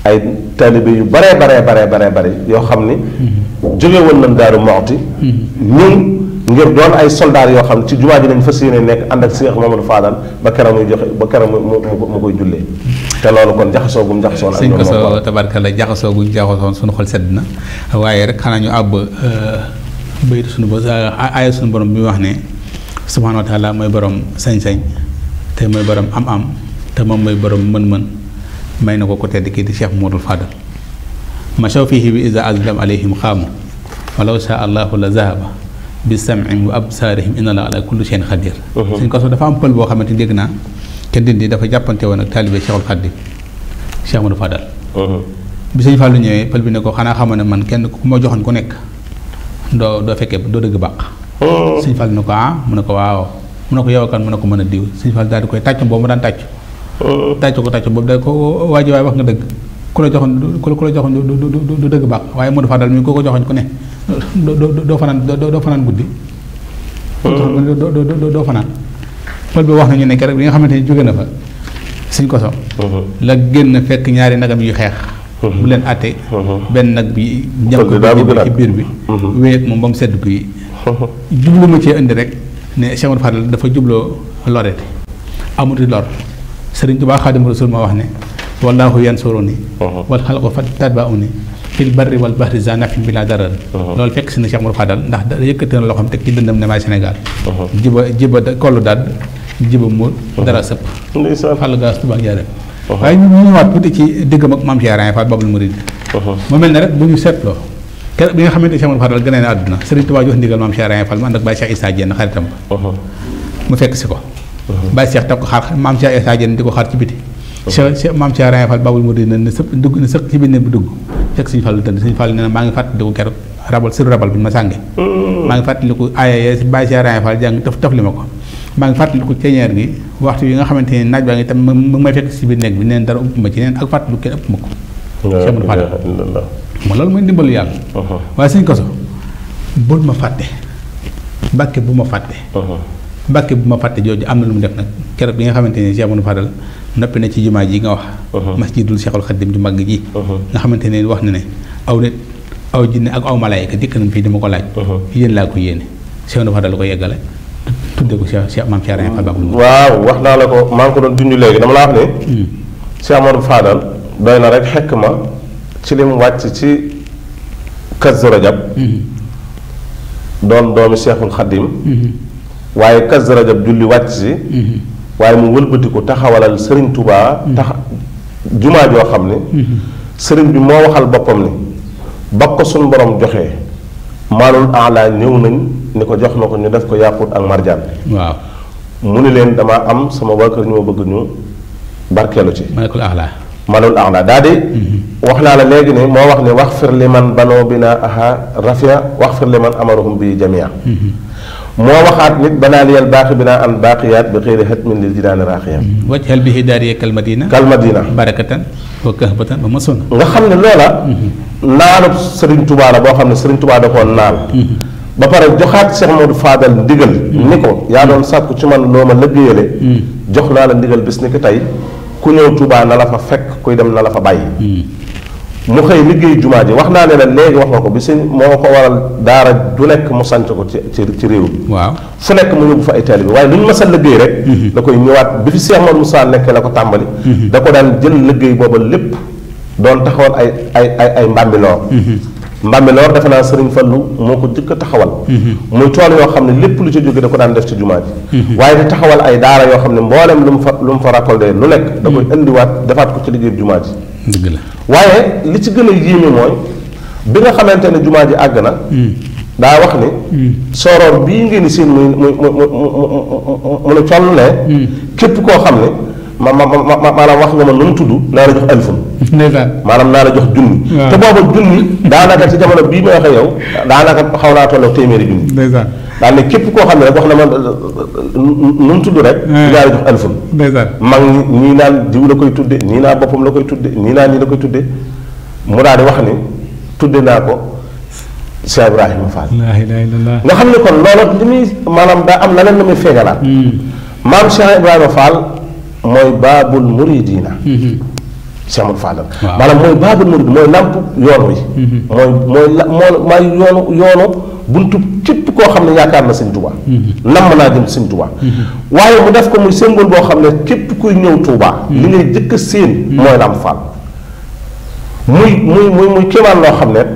ay taalibe yu baree baree baree baree bare yoo xam ni. Hmm. jóge woon nañ Daaru Muxti hmm. ñun ngir doon ay soldaar yoo xam ci jumaa ji lañ fas yéene nekk ànd ak Cheikh Mamadou Fadal ba keroog muy joxe ba keroog mu mu koy jullee te loolu kon jaxasoo gum jaxasoon ak suñ ko soo tabarkalla jaxasoo guñ jaxasoon suñu xol sedd na waaye rek xanaa ñu àbb euh, bayit suñu bo euh, aaya suñu borom bi wax ne subhaanahu wa taala mooy borom sañ-sañ te mooy borom am-am te moom mooy borom mën-mën may na ko ko tedd kii di Cheikh Mamadou Fadal machaw fihi bi isa azlam alayhim xaamu walaw sha allahu la zahaba bi sam'in wa absaarihim inna la ala kulli shay'in xadir uh-huh. suñ ko dafa am pël boo xamante dégg naa te ndindi dafa jàppante woon ak taalibe Cheikhul Khadim Cheikh Amadou Fadal uh-huh. bi sëñ Fallou ñëwee pël bi ne ko xanaa xamoon ne man kenn ku ma joxoon ku nekk doo doo fekkee doo dëgg bàq uh-huh. sëñ Fallou ne ko ah mu ne ko waaw mu ne ko yow kan mu ne ko mën a diw sëñ Fallou daal di koy tàcc boobu mu daan tàcc tàcc ko tàcc boobu da ko waaji waaye wax nga dëgg ku la joxoon ku la joxoon du dëgg bàq waaye Modou Fadal mi ko ko joxoon ku ne doo doo doo fanaan doo fanaan guddi. Euh. doo fanaan. pël bi wax nañu ne keroog bi nga xamante ni jóge na fa suñ ko euh. la génn fekk ñaari nagam yu xeex. Euh. bu leen àttee. benn nag bi ñam ko ci biir bi. wéyeeg moom ba mu sedd yi jublu ma cee indi rek ne Cheikh Oumar Fadal dafa jubloo lorete amuti lor Sëriñ Tuubaa Xaadimu Rasuul ma wax ne wallaahu yansuruni wal xalqu tatba'uni fil barri wal bahri zanafin bi la darar uh-huh. loolu fekk si na Cheikh Mourou Fadal ndax yëkkati na loo xam teg ci dëndam ne maay Sénégal uh-huh. jiba jiba kollu daal jiba muur uh-huh. dara sëpp fàll gaas tubaab jaarem waaye ñu ñëwaat tuuti ci diggam ak maam Cheikh Fall Babul Mouride mu mel ne rek bu ñu seetloo keroog bi nga xamante ne Cheikh Mourou Fadal gënee na àdduna Serigne Touba jox ndigal maam Cheikh Fall mu ànd ak Baye Cheikh Issa Diène xaritam mu fekk si ko Baye Cheikh teg ko xaar di ko xaar ci biti Cheikh maam Cheikh Fall Babul Mouride na sëpp dugg na ci biir ne dugg fekk suñu fàllu tëdd suñu fàllu nee maa ngi fàttaliku keroog rabal sër rabal bi ma sànge maa ngi fàttaliku aaya si bàyyi serae fall jàng taf taf li ma ko maa ngi fàttaliku ceñeer gi waxtu yi nga xamante ni naaj baa ngi tam mu may fekk si biir néeg bi neen dara ëpp ma ci neen ak fàttaliku kenn ëpp ma ko sëñ Fàll ma loolu mooy ndimbalu yàlla uh-huh. waaye suñ koso bul ma fàtte uh-huh. mbàkke bu ma fàtte jooju am na lu mu def nag keroog bi nga xamante noppi na ci jumaa ji nga wax uh-huh. masjidul Seexul Xadim ju mag ji uh-huh. nga xamante ne wax na ne aw nit aw jinne ak aw malaayka dikk nañ fii dama ko laaj uh-huh. yéen laa ko yéene Seex Ndofane daal la ko yeggale tudde ko Seex Seex maam Seex Ibra Fall Baabul Muriid wax naa la ko maa ngi ko doon dund léegi dama laa wax ne Seex hmm. Amadu ma ci lim wàcc ci Kazu Rajab hmm. doon doomi Seexul Xadim hmm. waaye Kazu Rajab julli wàcc si waaye mu wëlbatiku taxawalal sëriñ Touba. Mm-hmm. tax jumaa joo xam ne. Mm-hmm. sëriñ bi moo waxal boppam ni ba ko suñu borom joxee maalul ala ñëw nañ ni ko jox na ko ñu def ko yàquut ak marjaan. waaw mu ni leen damaa am sama waa ñu ma bëgg ñu barkeelu ci. maalul ala maalul mm-hmm. wax naa la léegi ne moo wax ne wax fir li man banoo binaa aha rafia wax fir li man amaruhum bi jamia moo waxaat nit banaal yal baaxi bi naa am baaqiyaat bi xëyri xët min li jinaani raaxiyam wajhal bihi daariya kal madina kal madina barakatan wa kahbatan ba masuna nga xam ne loola mm-hmm. naalub Sëriñ Tuubaa la boo xam ne Sëriñ Tuubaa da koo naal mm-hmm. ba pare joxaat Cheikh Modou Fadal ndigal mm-hmm. ni ko yaa doon sàkku ci man loo ma lëggéeyale jox naa la ndigal bis ni ki tey ku ñëw Tuubaa na la fa fekk kuy dem na la fa bàyyi mu xëy liggéey jumaa ji wax naa ne la léegi wax nga ko bi si moo ko waral daara du nekk mu sanc ko ci ci réew mi waaw fu nekk mu yóbbu fa ay taalibe waaye lu ñu ma a liggéey rek mm-hmm. da koy ñëwaat bi fi Seex Mor Musaa nekkee la ko tàmbali mm-hmm. da ko daan jël liggéey booba lépp doon taxawal ay ay ay ay mbàmbiloor mbàmbiloor mm-hmm. defe naa sëriñ Fallu moo ko jëkk a taxawal muy tool yoo xam ne lépp lu ci jóge da ko daan def ci jumaa ji waaye di taxawal ay daara yoo xam ne mboolem lu mu fa mu fa raccordé lu nekk da indiwaat defaat ci liggéey jumaa ji dëgg la waaye li ci gën a yéeme mooy bi nga xamante ne jumaa ji àgg na hmm. daa wax ni hmm. soroor bii ngeen di seen muy muy mu mu ne coll ne hmm. képp koo xam ne ma ma ma maanaam wax nga ma nu mu tudd naa la jox alfun maanaam naa la jox junni te booba junni daanaka ci jamono bii may waxe yow daanaka xaw naa tolloo téeméeri junni daal ne képp koo xam ne rek wax na ma nu mu tudd rek. Eh. dinaa la jox alfun. ndeysaan naan diw la koy tudde ñii naa boppam la koy tudde ñii naa nii la koy tudde mu daal di wax ni tudde naa ko Cheikh Ibrahima Fall. nga xam ne kon loolu li muy maanaam daa am leneen la muy feegalaat. Hmm. maam Cheikh Ibrahima Fall mooy baabul muridiina. Hmm. Cheikh Modou Fall maanaam mooy baabul murid mooy làmp yoon wi. Hmm. mooy mooy la mooy yoonu yoonu. buntu képp koo xam ne yaakaar na sëñ Touba. lam mhm. naa jëm sëñ Touba. Mhm. waaye mu def ko muy symbole boo xam ne képp kuy ñëw Touba. li mhm. ngay jëkk seen mooy Lamp Fall. muy muy muy muy kéemaan loo xam ne.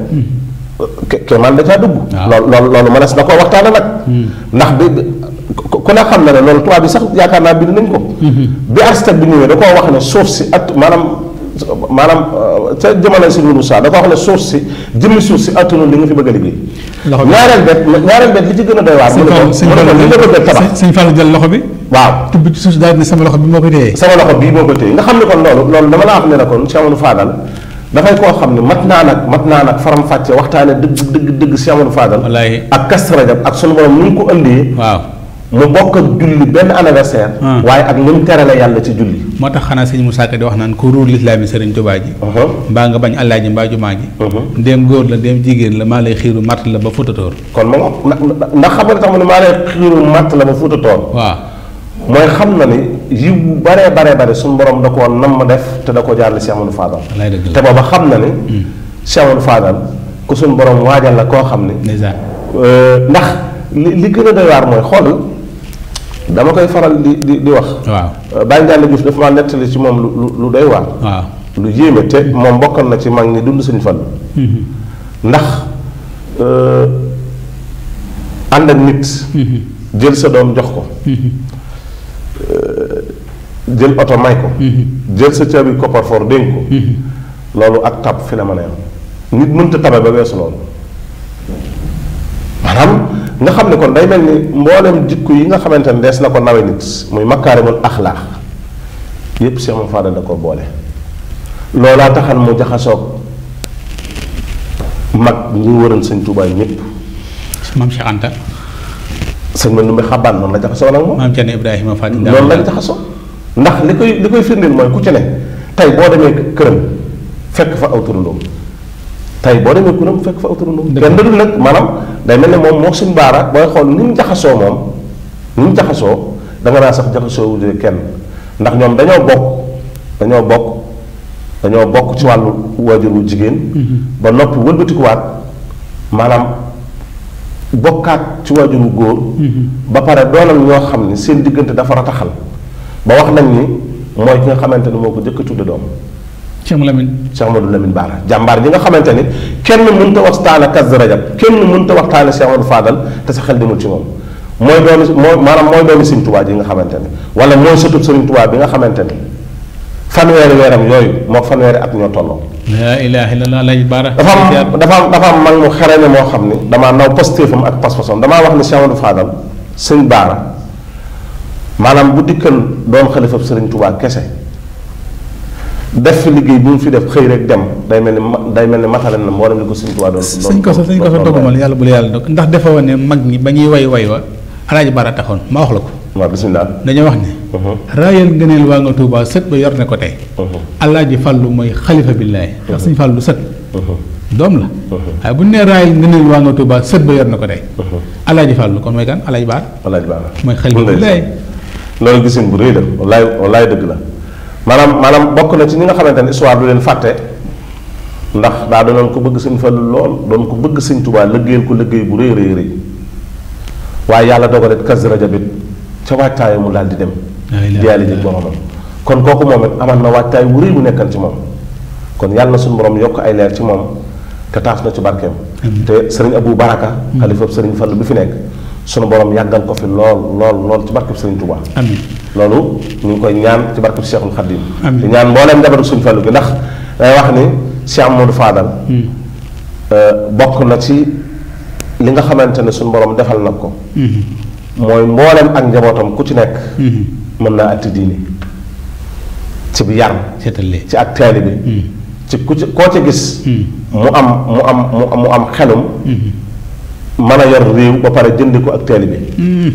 kéemaan da caa dugg. loolu loolu loolu mënees na koo waxtaane nag. ndax bi ku ne xam na ne loolu tubaab bi sax yaakaar naa bind nañ ko. bi architecte bi ñëwee da koo wax ne soof si at maanaam. maanaam euh, ca jamono si Moussa da ko wax ne suuf si jëmmi suuf si attanu li nga fi bëgg a liggéey loxo ñaareel bet ñaareel bet li ci gën a doy waar. suñ ko suñ Fallou jël loxo bi. waaw tubb ci suuf daal ne sama loxo bi moo ko téye. sama loxo bii moo ko téye nga xam ne kon loolu loolu dama laa xam ne la kon Cheikh Amadou Fadal dafay koo xam ne mat naa nag mat naa nag faram fàcce waxtaane dëgg dëgg dëgg Cheikh Amadou Fadal. ak Kazu Rajab ak sunu borom ni mu ko ëndee. waaw mu bokk ak julli benn anniversaire. Ah. waaye ak lim terale yàlla ci julli. moo tax xanaa sëñ Moussa Ka di wax naan ku ruur lislaami sëriñ Tuubaa ji. Uh-huh. mbaa nga bañ àllaaji mbaa jumaa ji. Uh-huh. ndéem góor la ndéem jigéen la maa lay xiiru matt la ba fóotatoor. kon moom ndax xam nga tamit maa lay xiiru matt la ba fóotatoor. waaw mooy xam na ni yiw bu baree baree bare suñ borom da koo nam def te da koo jaarale Cheikh Amadou Fadal. te booba xam na ni. Hmm. Cheikh Amadou Fadal ku suñu borom waajal la koo xam ni. Euh, ndax li li gën a doy waar mooy xoolal dama koy faral di di wax. waaw euh, Baye Ndiaye Diouf dafa maa nettali ci moom lu lu doy waar. lu yéeme te moom bokkoon na ci mag ñi dund Sëñ Fallu mhm. ndax euh, ànd ak nit. Mhm. jël sa doom jox ko. Mhm. Euh, jël oto may ko. jël sa caabi coffre-fort dénk ko. loolu ak tab fi nit mënta tabe ba weesu loolu maanaam nga xam ne kon day mel ni mboolem jikko yi nga xamante ne dees na ko nawe nit muy makaarimul axlaax yépp Cheikh Mame Fadal da ko boole loolaa taxan mu jaxasoog mag ñu wëral sëñ Tuubaa ñëpp. maam Anta. sëñ ma nu xabaan noonu la jaxasoo nag moom. maam Ibrahima Faty noonu la jaxasoo ndax li koy li koy firndeel mooy ku ci ne tey boo demee këram fekk fa aw turandoom tey boo demee kuram fekk fa autonome kenn dadul nag maanaam day mel ne moom moo suñ baara booy xool ni mu jaxasoo moom ni mu jaxasoo da nga naa sax jaxasoo wu kenn ndax ñoom dañoo bokk dañoo bokk dañoo bokk ci wàllu waajur wu jigéen mm-hmm. ba noppi wëlbatikuwaat maanaam bokkaat ci waajur wu góor mm-hmm. ba pare doonal ñoo xam ne seen diggante dafa rataxal ba wax nañ ni mooy ki nga xamante ni moo ko jëkk tudde doom Cheikh Lamine Cheikh Amadou Lamine jàmbaar ñi nga xamante ni kenn waxtaan a waxtaane Kazu Rajab kenn mënut a waxtaane Cheikh Amadou Fadal te sa xel demul ci moom mooy doomi mooy maanaam mooy doomi Serigne nga xamante ne wala mooy sëtub Serigne bi nga xamante ne fanweeri weeram yooyu moo fanweeri at ñoo tolloo. laa ilaaha illallaah lay Bara. dafa am dafa am dafa am mag mu xereñe moo xam ni damaa naw pastéefam ak pas-pasam damaa wax ni Cheikh Amadou Fadal Serigne Bara maanaam bu dikkal doon xalifab Serigne Touba kese. def fi liggéey bu mu fi def xëy rek dem day mel ni day mel ni matale na moo dem ko Sëñ Tuubaa ko sëñ ko sa dogumal yàlla bu la yàlla dog ndax dafa woon ne mag ñi ba ñuy way way wa alaaji bara taxoon ma wax wax ne uh-huh. raayal ngëneel waa nga Tuubaa sët ba yor na ko tey uh-huh. alaaji fàllu mooy xalifa billaay ndax uh-huh. suñ fàllu sët doom la waaye bu ñu nee raayal ngëneel waa nga Tuubaa sët ba yor na ko tey alaaji fàllu kon mooy kan alaaji baar alaaji baar mooy xalifa billaay loolu gisin bu rëy la wallaay wallaay dëgg la maanaam maanaam bokk na ci ñi nga xamante ne histoire du leen fàtte ndax daa doonoon ko bëgg sëñ fal lool doon ko bëgg sëñ Tuubaa liggéeyal ko liggéey bu rëy rëy rëy waaye yàlla dogalit Kazu Rajab it ca waajtaayu mu daal di dem diyaali ji boromam kon kooku moom it amal na waajtaay bu rëy bu nekkan ci moom kon yàlla suñu borom yokk ay leer ci moom te taas na ci barkeem te sëriñ Abu Baraka mm-hmm. xalifab seriñ Fallu bi fi nekk sunu borom yàggal ko fi lool lool lool ci barkeb Serigne Touba. amiin loolu ñu ngi koy ñaan ci barkeb Cheikhul Khadim. amiin li ñaan mbooleem njabootu Serigne Fallou bi ndax day wax ni Cheikh Modou Fadal. Hmm. Euh, bokk na ci li nga xamante ne sunu borom defal nag ko. Hmm. mooy mbooleem ak njabootam ku ci nekk. Hmm. mën naa atti diine ci bi yar. ci ak bi. ci ku ci koo ci gis. mu am mu am mu am xelum. mën a yor réew ba pare jënd ko ak taalibe hmm.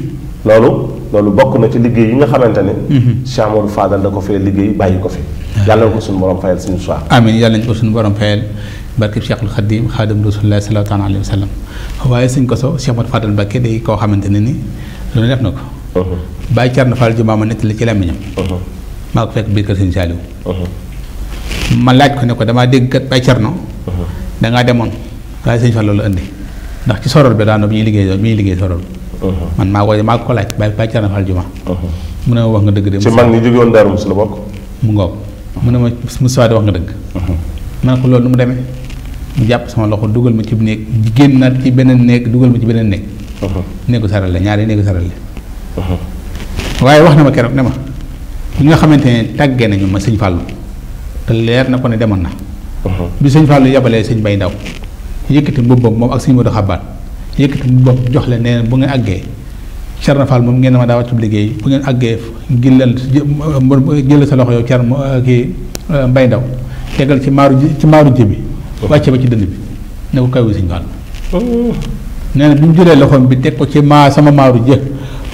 loolu loolu bokk na ci liggéey yi nga xamante ne hmm. Cheikh Amadou Fadal da ko fee liggéey bàyyi ko fi ah. yàlla na ko suñu borom fayal suñu soir amiin yàlla nañ ko suñu borom fayal barkeb Cheikhul Xadim xaadim rasulillah sallallahu taala alayhi wa sallam waaye suñ ko so Cheikh Amadou Fadal Mbacké day koo xamante ne ni loolu def na ko uh-huh. bàyyi Cerno Fall jumaa ma nettali ci làmmiñam uh-huh. maa ko fekk biir kër sëñ Saaliw uh-huh. ma laaj ko ne ko damaa dégg kat bàyyi Cerno dangaa demoon waaye sëñ Fall loolu indi ndax ci sorol bi daan na bi ñuy liggéey bi ñuy liggéey sorol uh-huh. man maa ko maa ko laaj bàyyi bàyyi cana fal juma uh-huh. mu ne ma wax nga dëgg de ci mag ñi jóge woon daarum si la bokk ma Moustapha di wax nga dëgg uh-huh. ma ne ko loolu nu mu demee mu jàpp sama loxo dugal ma ci néeg génn naat ci beneen néeg dugal ma ci beneen néeg néegu saral la ñaari néegu saral la waaye wax na ma keroog ne ma li nga xamante ne tàggee nañu ma sëñ Fallou te leer na ko ne demoon na bi sëñ Fallou yabalee sëñ Bay Ndaw yëkkati mbubbam moom ak suñu dox xabaat yëkkati mbubbam jox leen nee bu ngeen àggee Cerno Fall moom ngeen ma daa liggéey bu ngeen àggee gillal jël sa loxo yow Cerno uh, kii uh, Mbay Ndaw tegal ci maaru ci maaru ji bi wàcce ci dënd bi ne kaw Sëñ Fall nee na bi mu jëlee loxoom bi teg ko ci maa sama maaru jë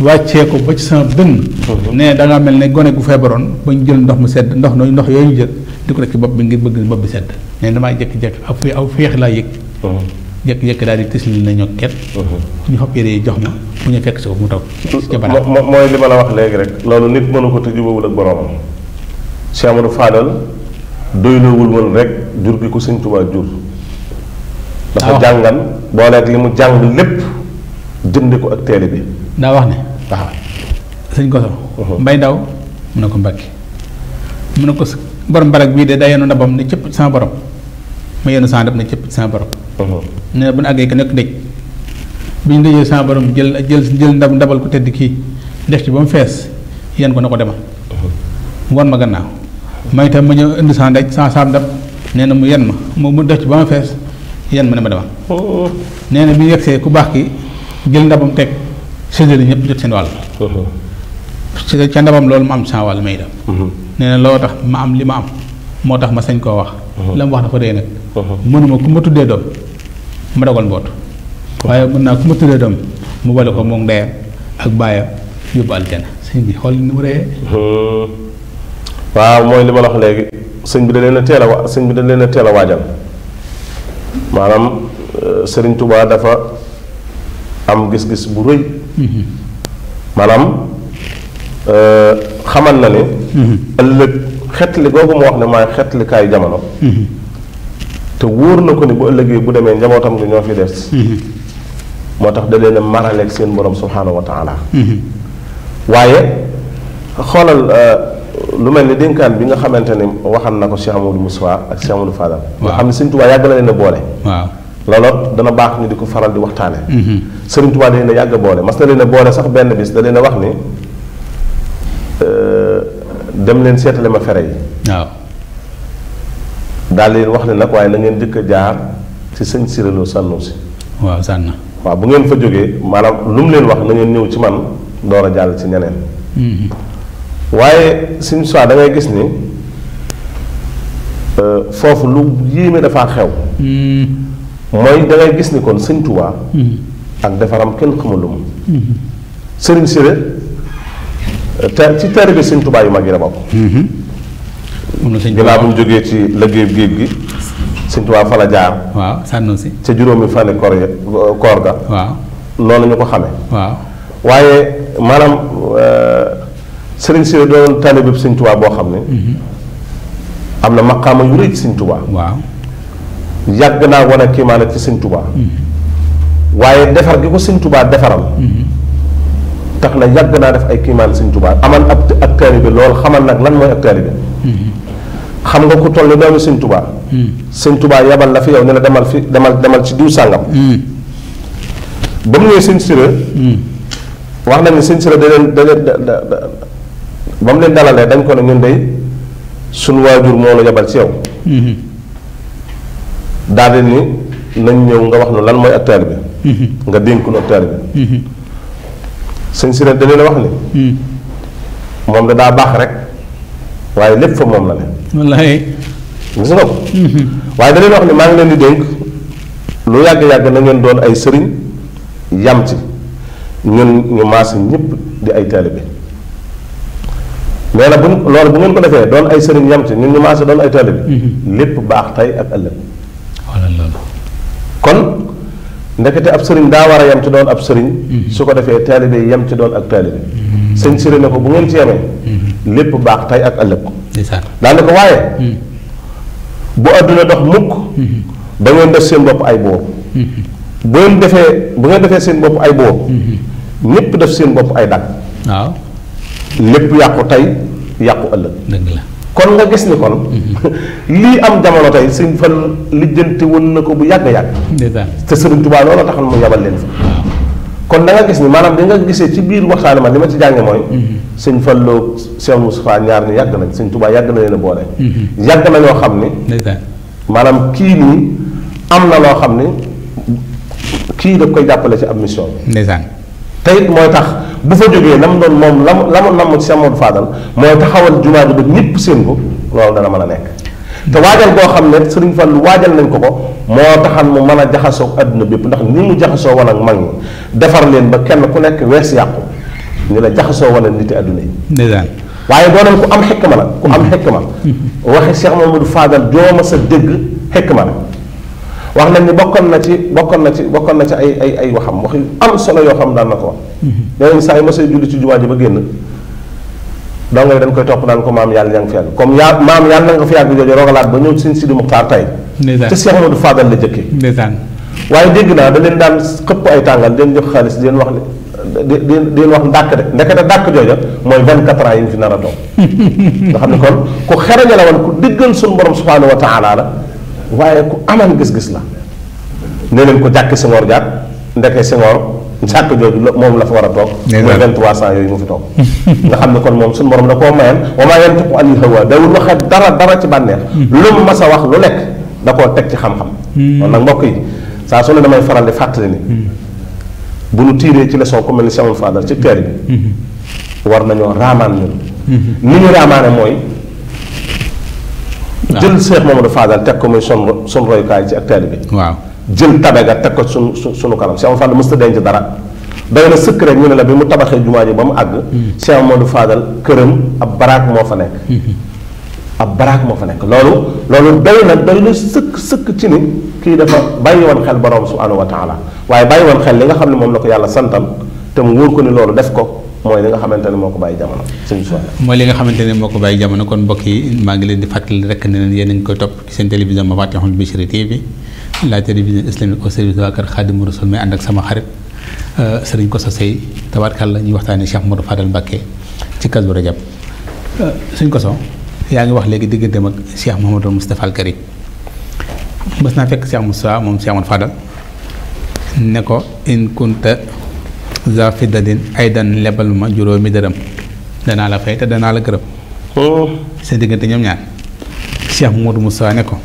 wàccee ko ba ci sama dënn nee da ngaa mel ne gone gu feebaroon ba jël ndox mu sedd ndox ndox yooyu ñu jël di ci bopp bi ngir bëgg bopp bi sedd nee damaa jékki aw feex laa yëg jékki-jékki daal di tisli na ñoo ket mhm. ñu xob yére yi jox ma mu ñu fekk si ko mu toog ci mooy li ma la wax léegi rek loolu nit mënu ko tëju boobul ak boroomam Cheikh Amadou Fadal doyloowul woon rek jur gi ko sëñ Tuubaa jur dafa ah, jàngal booleeg li mu jàng lépp jënde ko ak teele bi daa wax ne waaw ah. sëñ Goso mhm. mbay ndaw mu ne ko mbakki mu ne ko borom barak bii de day yenu ndabam ne cëpp sama borom ma yenn saa def na cëpp ci sama borom. Uh-huh. nee bu ñu àggee ko nekk dëj bi ñu dëjee sama borom jël jël jël ndab ndabal ko tedd kii def ci ba mu fees yéen ko na ko demal. ngoon uh-huh. ma gannaaw may itam ma ñëw indi saa ndaj saa nee na mu yen ma mu mu def ci fees yen ma ne ma demal. Uh-huh. nee na bi ñu yegsee ku baax ki jël ndabam teg séddale ñëpp jot seen wàll. ci ca ndabam loolu ma am saa wàll may dem. nee loo tax ma am li ma am moo tax ma sañ koo wax. la mu wax dafa dee nag. mënuma ku ma tuddee doom ma dogal mboot waaye mën naa ku ma tuddee doom mu wale ko moom ndeyam ak baayam yóbbu aljana sëñ bi xool ni mu reyee waaw mooy li ma la wax léegi sëñ bi da leen a teel a wa sëñ bi da leen a teel a waajal maanaam euh, sëriñ tubaa dafa am gis-gis bu rëy mm-hmm. maanaam euh, xamal na ne mm-hmm. ëllëg xetli googu mu wax ne maay xetlikaay jamono mm-hmm. te wóor na ko ni bu ëllëgee bu demee njabootam nga ñoo fi des moo tax da leen a maraleeg seen borom subhaanahu wa taala waaye xoolal euh, lu mel ni dénkaan bi nga xamante ni waxan na ko si Amadou Moussa ak Cheikh Amadou Fadal nga xam ne Sëriñ Tuubaa yàgg na leen a boole waaw loolu dana baax ñu di ko faral di waxtaane mm-hmm. Sëriñ Tuubaa da leen yàgg boole mas na leen a boole sax benn bis da leen a wax ni euh, dem leen seetale ma fere yi daal leen wax ne nag waaye na ngeen njëkk a jaar ci sëñ Siréloo sànnu si. waaw sànn. waaw bu ngeen fa jógee maanaam lu mu leen wax na ngeen ñëw ci man door a jàll ci ñeneen. Mm-hmm. waaye suñ soit da gis ni euh, foofu lu yéeme dafaa xew. Mm-hmm. mooy da gis ni kon sëñ Tuubaa mm-hmm. ak defaram kenn xamalum. sëriñ Siré te ci taalibe sëñ Tuubaa yu mag yi la bokk. ginnaaw bu ñu jógee ci liggéey géej gi sëñ Tuubaa fa la jaar waaw sànnu si ca juróomi fani koor ya ga waaw noonu ñu ko xame waaw waaye maanaam euh, sëriñ si doon taalibeeb sëñ Tuubaa boo xam ne mm-hmm. am na maqaama yu rëy ci sëñ Tuubaa waaw yàgg naa ci sëñ mm-hmm. waaye defar gi ko sëñ Tuubaa defaral mm-hmm. tax na yàgg naa def ay kiimaan sëñ Tuubaa amal ab ak taalibe loolu xamal nag lan mooy ak taalibe xam nga ku toll ni doomi sëñ tubaa hmm. sëñ tubaa yabal la fi yow ne la demal fi demal demal ci diw sàngam hmm. ba mu ñëwee sëñ sira hmm. wax nañ sëñ sira da leen leen ba mu leen dalalee dañ ko ne ñun day suñ moo la yabal ci yow daal ni nañ ñëw nga wax nu lan mooy ak taalibe bi nga dénk nu ak taalibe bi sira da leen wax ni moom da daa baax rek waaye lépp fa moom la ne. wallaay. gis nga ko. waaye da wax ne maa ngi leen di dénk lu yàgg yàgg na ngeen doon ay sëriñ yam ci ñun ñu maas ñëpp di ay taalibe nee na bu loolu bu ngeen ko defee doon ay sëriñ yam ci ñun ñu maas doon ay taalibe. Mm-hmm. lépp baax tey ak ëllëg. kon ndekete ab sëriñ daa war a yam ci doon ab sëriñ. Mm-hmm. su ko defee taalibe yam ci doon ak taalibe. Mm-hmm. sëñ sëriñ ne ko bu ngeen ci yamee. lépp baax tey ak ëllëg. daanaka waaye. Hmm. bu àdduna dox mukk hmm. da ngeen def seen bopp ay boobu. Hmm. bu defee bu ngeen defee seen bopp ay boobu. ñépp def seen bopp ay dag waaw lépp yàqu tey yàqu ëllëg. dëgg kon nga gis ni kon. lii am jamono tey Sëriñ Fallu lijjanti woon na ko bu yàgg yàgg. te Sëriñ Tuubaa loola taxal mu yabal leen fa. kon da gis ni maanaam da nga gisee ci biir waxtaan ma li ma ci jànge mooy mhm. sëñ Fallou Cheikh Moustapha ñaar ñu yàgg nañ sëñ Touba yàgg na leen a boole mhm. yàgg na ñoo xam ni maanaam kii nii am na loo xam ni kii daf koy jàppale ci ab mission bi te it mooy tax bu fa jógee nam doon moom la mu la mu namm ci Cheikh Modou Fadal mooy taxawal jumaa ji ba ñëpp seen ko loolu dana mën a nekk te waajal koo xam ne Sëriñ lu waajal nañ ko ko moo taxal mu mën a jaxasoo àdduna bépp ndax ni mu jaxasoo woon ak mag ñi defar leen ba kenn ku nekk wees yàqu ni la jaxasoo woon ak nit yi àdduna yi waaye doonoon ku am xikma la ku am mm-hmm. xikma waxi Cheikh Mamadou Fadal jooma sa dégg xikma la wax nañ ni bokkoon na ci bokkoon na ci bokkoon na ci ay ay ay waxam wax yu am solo yoo xam daan na ko wax. Mm-hmm. yeneen saa yi ma say julli ci jumaa ji ba génn dong yi dañ koy topp naan ko maam yàlla na nga fi yàgg comme yaa maam yàlla na nga rogalaat ba ñëw seen Sidi Muxtaar tey ci Cheikh Amadou Fadal la jëkke waaye dégg naa da leen daan xëpp ay tàngal leen jox xaalis de leen wax di di di leen wax ndàkk de ndekete dàkk jooja mooy 24 ans yi ñu fi nar a toog nga xam ne kon ku xereña la woon ku déggal suñu borom subhaanahu wa taala la waaye ku aman gis-gis la ne leen ko jàkki Senghor jaat ndeke Senghor jàkk jooju moom la fa war a toog mooy vingt trois cent yooyu mu fi toog nga xam ne kon moom suñu borom da koo mayan wa maa yantiqu anil hawa dawul waxe dara dara ci bànneex hmm. lu mu mas a wax lu nekk da koo teg ci xam-xam hmm. kon nag mbokk yi saa su ne damay faral di fàttali ni hmm. bu nu tiiree ci leçon ku mel ni Cheikhoul Fadal ci teer bi war nañoo raamaan ñun ni ñu raamaane mooy jël Cheikh Mamadou Fadal teg ko muy son royukaay ci ak teer bi jël tabe ga teg ko sunu su sunu kanam Cheikh Amadou Fadal mës ta denc dara doy na sëkk rek ñu ne la bi mu tabaxee jumaa ji ba mu àgg hmm. Cheikh Amadou Fadal këram ab baraak moo fa nekk hmm. ab baraak moo fa nekk loolu loolu doy na doy na sëkk sëkk ci ni kii dafa bàyyi woon xel borom subhanahu wa taala waaye bàyyi woon xel li nga xam ne moom la ko yàlla santam te mu wóor ko ni loolu def ko mooy li nga xamante ne moo ko bàyyi jamono suñu mooy li nga xamante ne moo ko bàyyi jamono kon mbokk yi maa ngi leen di fàttali rek ne a ngi koy topp ci seen la télévision islamique au service de waa kër Xaadimu Rasul may ànd ak sama xarit euh, sëriñ Kosso Sey la ñuy waxtaanee Cheikh Modou Fadal Mbacké ci Kazu Rajab euh, sëriñ Kosso yaa ngi wax léegi diggante digganteem ak Cheikh Mouhamadou Moustapha al Karim mës naa fekk Cheikh Moustapha moom Cheikh Modou Fadal ne ko in kunta za fiddadin aydan lebal ma juróomi dërëm danaa la fay te danaa la gërëm. Oh. seen diggante ñoom ñaar Cheikh Modou Moustapha ne ko.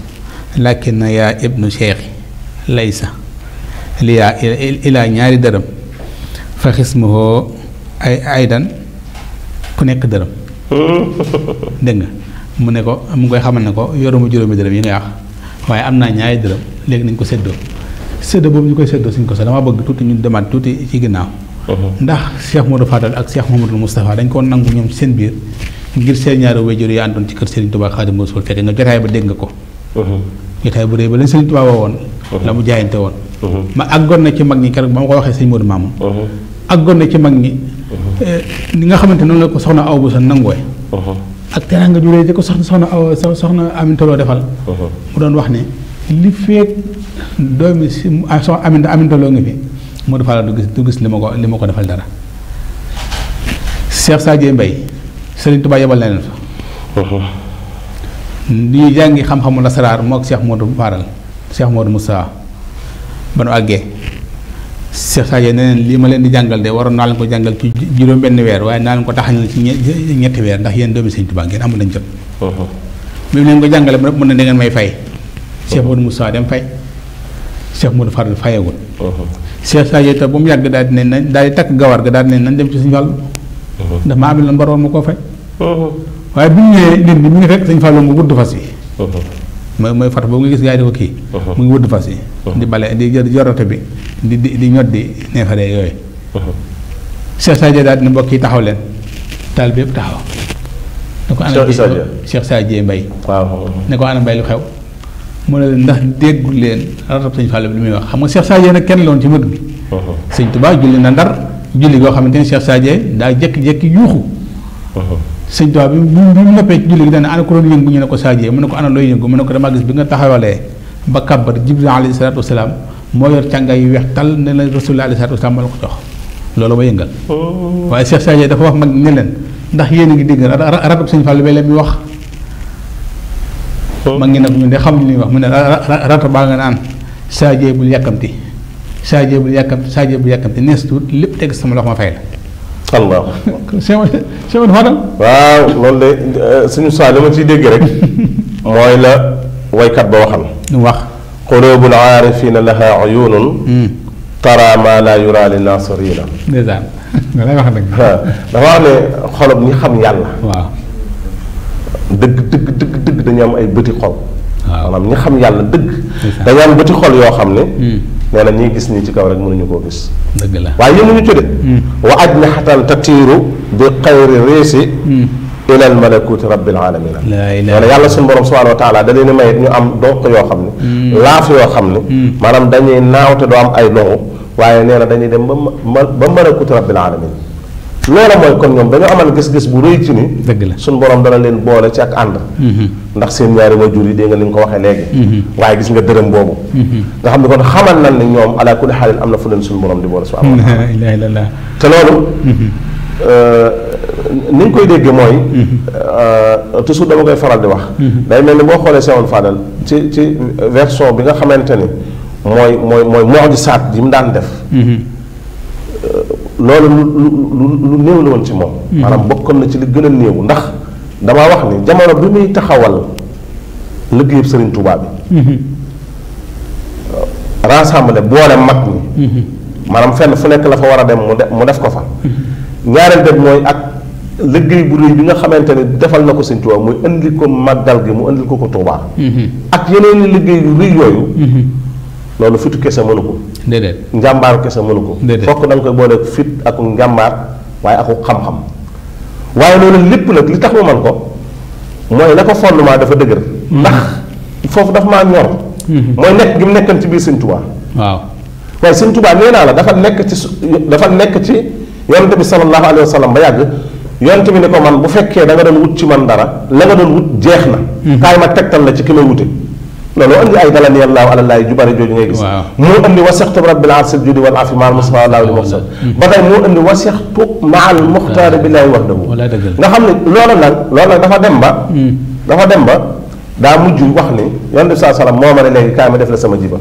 lakin na yaa ibnu cheikhi laysa li yaa ilaa ñaari dërëm fa xismuhoo ay aydan ku nekk dërëm dégg nga mu ne ko mu ngi koy xamal ne ko yoruma juróomi dërëm yi nga wax waaye am naa ñaari dërëm léegi nañ ko séddoo séddoo boobu ñu koy séddoo suñ ko sax dama bëgg tuuti ñu demaat tuuti ci ginnaaw uh-huh. ndax Cheikh Modou Fadal ak Cheikh Mouhamadou Moustapha dañ ko nangu ñoom ci seen biir ngir seen ñaari wéjur yi àndoon ci kër Serigne Touba Xaadimu Rasuul fekke ba dégg nga ko a bu rëy ba la Sëriñ Tuubaa woon la mu jaayante woon ma àggoon na ci mag ñi keroog ba ma ko waxee sëñ Modou Mamoun àggoon na ci mag ñi eh, ni nga xamante noonu la ko soxna aw bu sa nangooy ak teraanga ju rëy di ko soxna soxna aw soxna Aminta Lo defal mu doon wax ne li feek doomi si ah, soxna Aminta Aminta Lo ngi fi Modou Fall du gis du gis li ma ko li ma ko defal dara Cheikh Sadio Mbaye Sëriñ Tuubaa yebal na leen fa di jàngi xam-xamu lasaraar moog Cheikh Modou Faral Cheikh Modou Moussa ba nu àggee Cheikh Sadio ne leen lii ma leen di jàngal de waroon naa leen ko jàngal ci juróom-benn weer waaye naa leen ko taxañal ci ñetti weer ndax yéen doomi Sëñ Tuubaa ngeen amul nañ jot. Uh-huh. bi mu leen ko jàngale ba mën na da ngeen may fay. Cheikh Modou Moussa dem fay Cheikh Modou Faral fayagul. Uh-huh. Cheikh Sadio te ba mu yàgg daal di ne nañ daal di takk gawar ga daal di ne nañ dem ci suñu wàll. Uh-huh. ndax maa waaye bi ñu ñëwee nit ñi ngi fekk sëñ Fallou mu wëdd fas yi. Uh-huh. mooy mooy fatu boobu nga gis gars yi di ko kii. Uh-huh. mu ngi wëdd fas yi. Uh-huh. di bale di jorote bi di di di ñot di neefare daal di ne mbokk yi taxaw leen taal bi yëpp taxaw. ne ko ana Cheikh Sadio Mbaye waaw ne ko ndax déggu leen ratab sëñ Fallou bi muy wax xam nga Cheikh Sadio nag kenn loon ci mët bi. sëñ Touba julli na ndar julli goo xamante ni Cheikh Sadio daa jékki-jékki yuuxu. sëñ Tuubaa bi bi mu noppee ci julli gi daan ñu ne ko Sadio mu ne ko ana looy yëngu mu ne ko damaa gis bi nga taxawalee ba kàbbar Jibril alayhi salaatu wasalaam moo yor càngaay yu weex tal ne la Rasulullah alayhi salaatu wasalaam moo la ko jox loolu ma yëngal. Oh. waaye Cheikh Sadio dafa wax mag ne leen ndax yéen a ngi dégg ratab sëñ Fallou bay la mi wax. Oh. ma ngi nag ñun de xamuñu li ñuy wax mu ne rata baa nga naan Sadio bul yàkkamti Sadio bul yàkkamti Sadio bul yàkkamti nees tuut lépp teg sama loxo ma fay la. Allah sëñ bi xoolal. waaw loolu euh, suñu saa li ma ciy dégg rek. Oh. mooy la waykat ba waxal. wax quluubul aarifiina lahaa uyuunun hmm. tara maa laa yuraa li naasiriina. ndeysaan lay wax nag. dafa wax ne xolob ñi xam yàlla. waaw. dëgg dëgg dëgg dëgg dañu am ay bëti xol. waaw ñi xam yàlla dëgg. dañu am bëti xol yoo xam ne. Hmm. nee na ñi gis ñi ci kaw rek mënuñu koo gis. dëgg la waaye yéen ñu ci de. Hmm. wa ajnihatan tatiiru bi xayri riisi. Hmm. ilal malakuuti rabbil aalamiin. nee na yàlla suñ borom subhaanahu wa taala da leen may ñu am donq yoo xam ne. Hmm. laaf yoo xam ne. maanaam dañuy naaw te doo am ay loxo waaye nee na dañuy dem ba ma ba malakuuti rabbil aalamiin loola mooy kon ñoom dañoo amal gis-gis bu rëy ci ni. dëgg la borom dana leen boole ci ak ànd. Mhm. ndax seen ñaari wajur yi dégg nga ni nga ko waxee léegi. Mhm. waaye gis nga dërëm boobu. Mhm. nga xam ne kon xamal nañ ne ñoom ala kulli xaalin am na fu leen suñu borom di boole. subhaanahu wa na te loolu. Euh, ni ñu koy déggee mooy. Euh, toujours dama koy faral di wax. day mel ni boo xoolee Sewon Fadal ci ci version bi nga xamante ni mooy mooy mooy saat yi mu daan def. loolu lu lu néew la woon ci moom. Hmm. maanaam bokkal na ci li gën a néew ndax damaa wax ni jamono bi muy taxawal liggéeyub sëriñ Touba bi. Hmm. rassembler boole mag ñi. Hmm. maanaam fenn fu nekk la fa war a dem mu def mu def ko fa. ñaareel dem mooy ak liggéey bu réy bi nga xamante ni defal na ko Serigne Touba muy indi ko màggal gi mu indil ko ko Touba. ak yeneen liggéey yu rëy yooyu. loolu fitu kese mënu ko. déedéet njàmbaar kese mënu ko. déedéet fokk da koy boole fit ak njàmbaar waaye ak xam-xam waaye loolu lépp nag li tax mu man ko mooy la ko fondement dafa dëgër. Hmm. ndax foofu dafa maa ñor. Hmm. mooy nekk gi mu nekkan ci biir Sëñ Tuubaa. waaw waaye Sëñ nee naa la dafa nekk ci dafa nekk ci yonent bi sallallahu alayhi wa sallam ba yàgg. yonent bi ne ko man bu fekkee da nga doon wut ci man dara la nga doon wut jeex na. Hmm. kaay ma tegtal la ci ki ma wute. loolu andi ay dalal yàllaaw alalaay ju bari jooju ngay gis moo andi wasextu rabbil arsil judi wal afi maal mustafa laaw mm. li nga xam ne loola nag loola nag dafa dem ba mm. dafa dem ba daa mujj wax ni yonent bi saa salaam moo ma ne léegi kaay ma def la sama jiba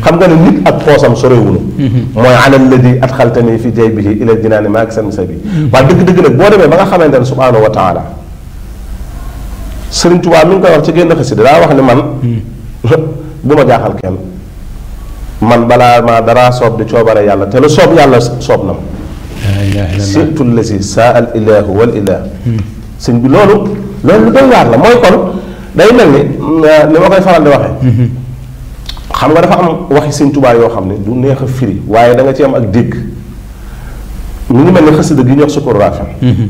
xam nga ne nit ak poosam sorewuñu mm-hmm. mooy alal ladi adxaltani fi jaybihi ila jinaani maa san sa bi waaye dëgg-dëgg nag boo demee ba nga xamante ne subhaanahu wa taala Sëriñ Tuubaa mi ngi koy wax ci génn xasida daa wax ni man mm. bu ma jaaxal kenn man balaa maa daraa soob di coobare yàlla te lu soob yàlla soob na ma surtout lesi saa al ilaahu hmm. wal ilaah day mel ni li euh, koy faral hmm. nga dafa am waxi yoo xam ne neex a waaye da nga am ak dégg mu ngi mel ni xasida gi ñuy wax sukkur hmm.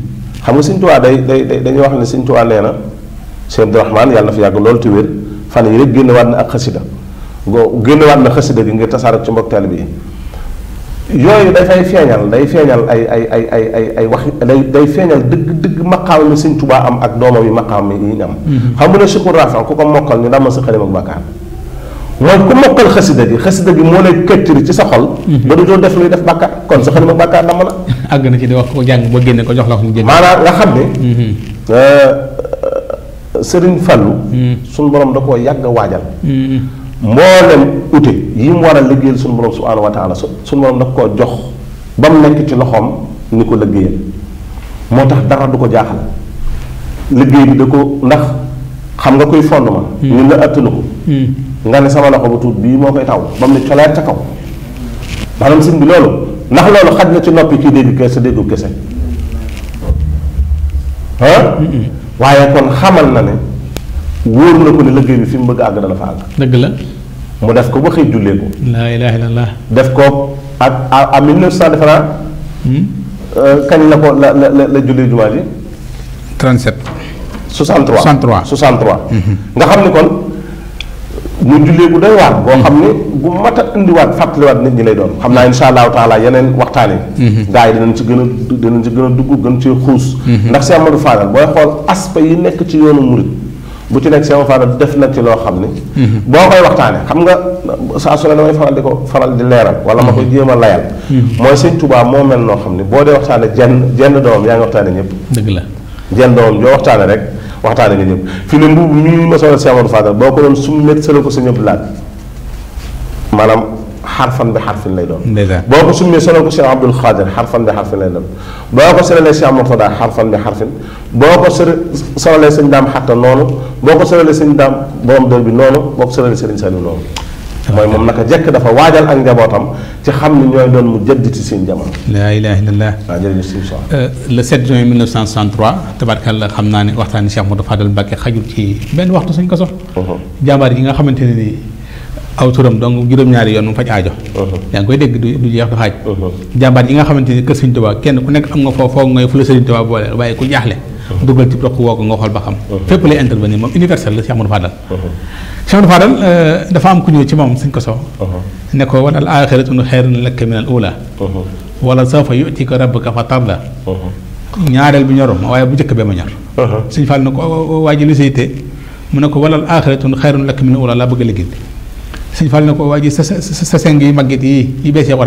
day day wax ne sëñ Tuubaa nee na sëñ Abdu yàlla na fi yàgg loolu te fan yi rek génn na ak xasida go génn waat na xasida gi ngir tasaare ci mbokk taalibe yi yooyu dafay feeñal day feeñal ay ay ay ay ay ay wax day day feeñal dëgg dëgg maqaam mi suñ Tuubaa am ak doomam yi maqaam yi ñu am mm-hmm. xam nga ne sukkur rafan ku ko mokkal ñu dama sa xalim ak bàkkaar mooy ku mokkal xasida gi xasida gi moo lay këccëri ci sa xol mm-hmm. ba du doo def luy def bàkkaar kon sa xalim ak bàkkaar na àgg na ci di wax ko jàng ba génne ko jox la ko mu génne maanaam sëriñ Fallou. Mm. suñu borom da koo yàgg a waajal. Mm-hmm. mboolem ute yi mu war a liggéeyal suñu borom subhaanahu wa taala suñu borom da koo jox ba mu nekk ci loxoom ni ko liggéeyal moo tax dara du ko jaaxal liggéey bi da ko ndax xam nga koy fond ma. ñu mm. nga ëttalu ko. Mm. nga ne sama loxo bu tuut bii moo koy taw ba mu ne colaat ca kaw. maanaam sëñ bi loolu ndax loolu xaj na ci noppi ci dégg kese déggu kese ah. waaye kon xamal na ne wóor na ko ne liggéey bi fi mu bëgg àgg dana fa àgg. dëgg la. mu def ko ba xëy jullee ko. laa ilaaha illallaah. def ko ak à 1900 defe naa. kañ la ko la la la jullee jumaa ji. 37. 63 63 63. nga xam ni kon. mu jullee bu doy waar boo xam ne bu mat a indiwaat fàttaliwaat nit ñi lay doon xam naa insha allahu taala yeneen waxtaan yi mhm. gars yi dinañ ci gën a dinañ ci gën a dugg gën ci xuus mhm. ndax Cheikh Amadou Fadal booy xool aspect yi nekk ci yoonu murit bu ci nekk Cheikh Amadou Fadal def na ci loo xam ne mhm. boo koy waxtaanee xam nga saa su ne damay faral di ko faral di leeral wala ma koy jéem a layal mooy sëñ Touba moo mel noo xam ne boo dee waxtaane jenn jenn doomam yaa ngi waxtaane ñëpp dëgg la jenn doomam joo waxtaane rek waxtaane nga ñëpp fi ne mbubb mi ñu mosoon si Amadou Fadal boo ko doon summeet sële ko sa ñëpp laaj maanaam xarfan bi xarfin lay doon boo ko summee solo ko Cheikh Abdoul Khadir xarfan bi xarfin lay doon boo ko solalee Cheikh Mortada xarfan bi xarfin boo ko s solalee sëñ daam xatta noonu boo ko solalee sëñ daam borom dër bi noonu boo ko solalee sëriñ Saliou noonu mooy moom naka jekk dafa waajal ak njabootam ci xam ni ñooy doon mu jëdditi seen jamono. laa ilaaha illallaah. waaw jërëjëf si euh, le 7 juin 1963 tabarkalla xam naa ne waxtaani Cheikh Modou Fadel Mbacke xajul ci benn waxtu suñ ko sox uh-huh. jàmbaar gi nga xamante ne nii aw turam donc juróom-ñaari yoon mu faj aajo. Uh-huh. yaa ngi koy dégg du du jeex du xaaj. Uh-huh. jàmbaar yi nga xamante ni kër Sëriñ Tuubaa kenn ku nekk am nga foo foo ngay fu la Sëriñ Tuubaa boole waaye ku dugal ci toq woogu nga xool ba xam uh-huh. fépp lay intervenir moom universel la Cheikh Amadou Fadal uh-huh. Cheikh Amadou Fadal euh, dafa am ku ñëw ci moom suñ ko so uh-huh. ne ko wala al axiratu xayrun laka min al ula wala bu njëkk bee ma ñor suñ Fall ne lu sayte mu ne ko wala al axiratu xayrun laka min al laa bëgg a liggéey suñ Fall ne ko waa ji sa sa seng yi màggit yi beesee ko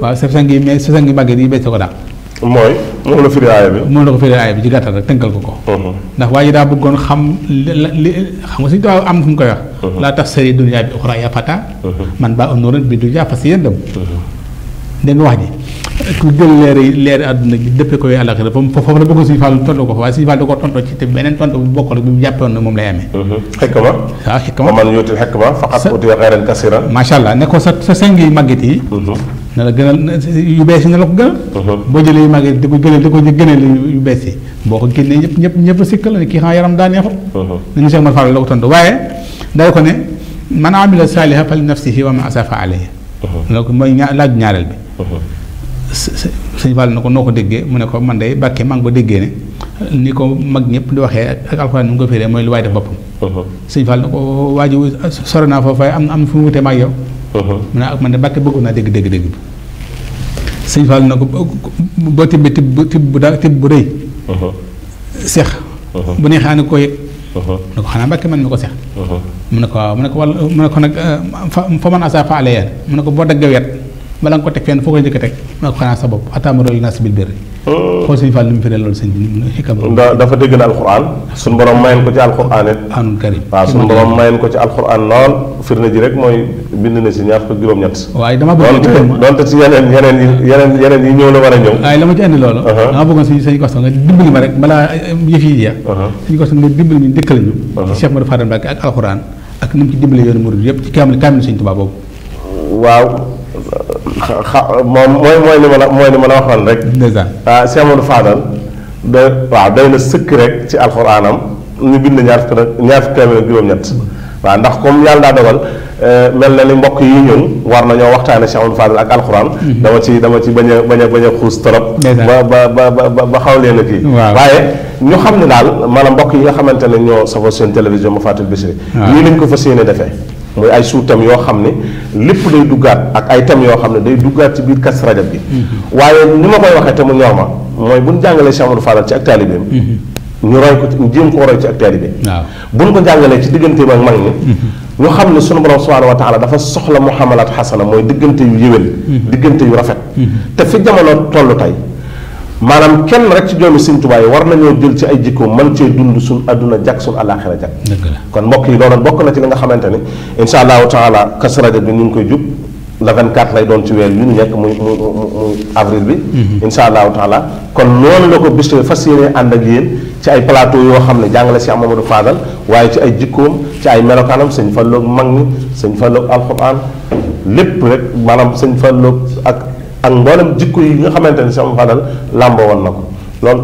sa yi mais sa seng yi yi beesee ko mooy moom la firi bi. moom la ko firi bi ci gàttal rek tënkal ko ko. Mhm. ndax waa daa bëggoon xam li xam nga suñu tubaab am fu mu koy wax. la bëgg suñu fàllu tontu ko fa waaye suñu da ko tontu ci te beneen tontu bu bokkul bi mu jàppoon ne moom lay amee. Mhm. xekk ba. waaw xekk ba man yuutil xekk ba. faqat utiya xayran kasira. macha allah ne ko sa sa yi màggit mhm. yi. na la gënal yu bees yi na la ko gënal. Uh-huh. boo jëlee yu mag yi di ko gënal di ko yu bees yi boo ko génnee ñëpp ñëpp ñëpp sikkal ne kii xam yaram daa neexut. Uh-huh. nañu Cheikh Omar Fall la ko tontu waaye day ko ne man amila saaliha fali nafsihi wa man asafa alayhi. donc uh-huh. mooy ña laaj ñaareel bi. sëñ Fall na ko noo ko déggee mu ne ko man day bàkkee maa ngi ko déggee ne ni ko mag ñëpp di waxee ak alxuraan nu mu ko firee mooy lu waay def boppam. sëñ Fall na ko waa ji sore naa foofu waaye am am fu mu wutee ma yow. Uh-huh. mu ne ak ah, man de Mbàkke bëggoon dégg dégg dégg bi sëñ Fall na ko boo tibbee tibb tibb bu daa tibb bu rëy uh-huh. seex uh-huh. bu neexee ne ko yëg mu ne ko xanaa Mbàkke man mi ko seex mu ne ko waaw mu ne ko walla mu ne ko nag eh, fa man asaa fa ale mu ne ko boo daggee wet bala nga ko teg fenn foo ko njëkk a teg nga ko xanaa sa bopp ataamaroo naa si biir biir oh. xool sëñ Fall li mu fi loolu sëñ bi xikam dafa dégg na alxuraan suñu borom mayen ko ci alxuraan suñu borom mayen ko ci alxuraan lool firnde mooy bind na si juróom-ñett waaye dama bëgg donte si yeneen yeneen yi yi ñëw la war a ñëw waaye la ma ci andi loolu uh-huh. dama bëggoon si sëñ Kosta nga dimbali ma yoonu murid yëpp ci kaamil kaamil sëñ Tuubaa boobu xa moom mooy mooy li ma la mooy li ma la waxoon rek. dèjà ah Cheikh Amadou Fadal. de waaw na sëkk rek ci alxuraanam ñu bind ñaar fukki rek ñaar fukki rek juróom waaw ndax comme yàlla daa dogal eh, mel na ni mbokk yi ñun war nañoo waxtaane Cheikh Amadou Fadal ak alxuraan. Mm-hmm. ci dama ci bañ bañ a bañ xuus trop. ba ba ba ba ba xaw leen a kii. waaye ñu xam ne daal maanaam mbokk yi nga xamante ne ñoo safoo seen télévision ma fàttali Bichri. lii lañ ko fas yéene defee. muy ay suutam yoo xam ni lépp day duggaat ak ay thèmes yoo xam ne day duggaat ci biir kas rajab bi waaye ni ma koy waxee te mu ñor ma mooy bu ñu jàngalee Cheikh Amadou Fadal ci ak taalibeem ñu roy ko ñu jéem koo roy ci ak taalibe bu ñu ko jàngalee ci diggante ak mag ñi ñu xam ne sunu borom subhanahu wa taala dafa soxla muhamalaat xasana mooy diggante yu yéwén mm-hmm. diggante yu rafet te fi jamono toll tey maanaam kenn rek ci doomi Sëriñ Tuubaa yi war nañoo jël ci ay jikkoom man cee dund su adduna jak suñ àllaaxira jak kon mbokk yi loolu bokk na ci li nga xamante ni insha allahu taala Kazu Rajab bi ñu ngi koy jub le 24 lay doon ci weer yu ñu nekk muy muy muy avril bi mhm. insha allahu taala kon noonu la ko bis fas yéene ànd ak yéen ci ay plateau yoo xam ne jàngale Cheikh Mamadou Fadal waaye ci ay jikkoom ci ay melokaanam sëñ Falloog mag ñi sëñ Falloog alxuraan lépp rek maanaam sëñ Falloog ak ak mboolem jikko yi nga xamante ni sama fadal làmboo woon na ko loolu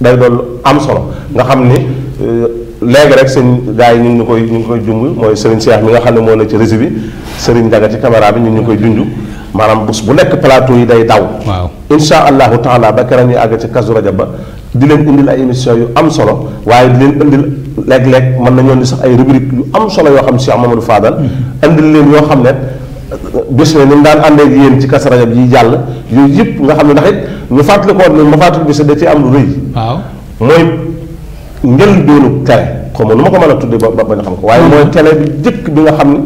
day doon am solo nga xam ni euh, léegi rek sëñ gars yi ñu ngi koy ñu ngi koy jumb mooy Serigne Cheikh mi nga xam ne moo ne ci rési bi Serigne Ndiaga ci caméra bi ñu ñu koy junj maanaam bés bu nekk plateau yi day daw. waaw incha allahu taala ba keroog ñu àgg ci kasu rajab ba di leen indil ay émission yu am solo waaye di leen indil léeg-léeg mën nañoo ni sax ay rubrique yu am solo yoo xam Cheikh Mamadou Fadal. Mm-hmm. indil leen yoo xam ne. bis ne ni mu daan àndee ak yéen ci Kazu Rajab yi jàll yooyu yëpp nga xam ne ndax it ñu fàttalikoon ne ma fàttali bis da ci am lu rëy. waaw mooy njëlbéenu tere xaw ma nu ma ko mën a tuddee ba ba ñu xam ko. waaye mooy tere bi jëkk bi nga xam ne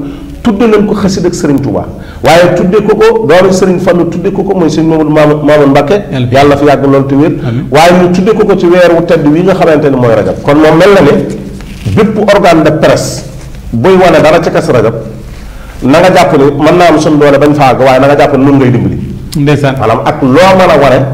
tudde nañ ko xasida ak Serigne Touba waaye tudde ko ko doon Serigne Fallou tudde ko ko mooy sëñ Mamadou Mamadou Mamadou Mbacke yàlla fi yàgg loolu te waaye ñu tudde ko ko ci weer wu tedd wi nga xamante ne mooy rajab kon moom mel na ne bépp organe de presse buy wane dara ca Kazu Rajab na jàpp ne mën naa am suñu doole bañ faa àgg waaye na nga jàpp ne noonu ngay dimbali. ndeysaan ak loo mën a waree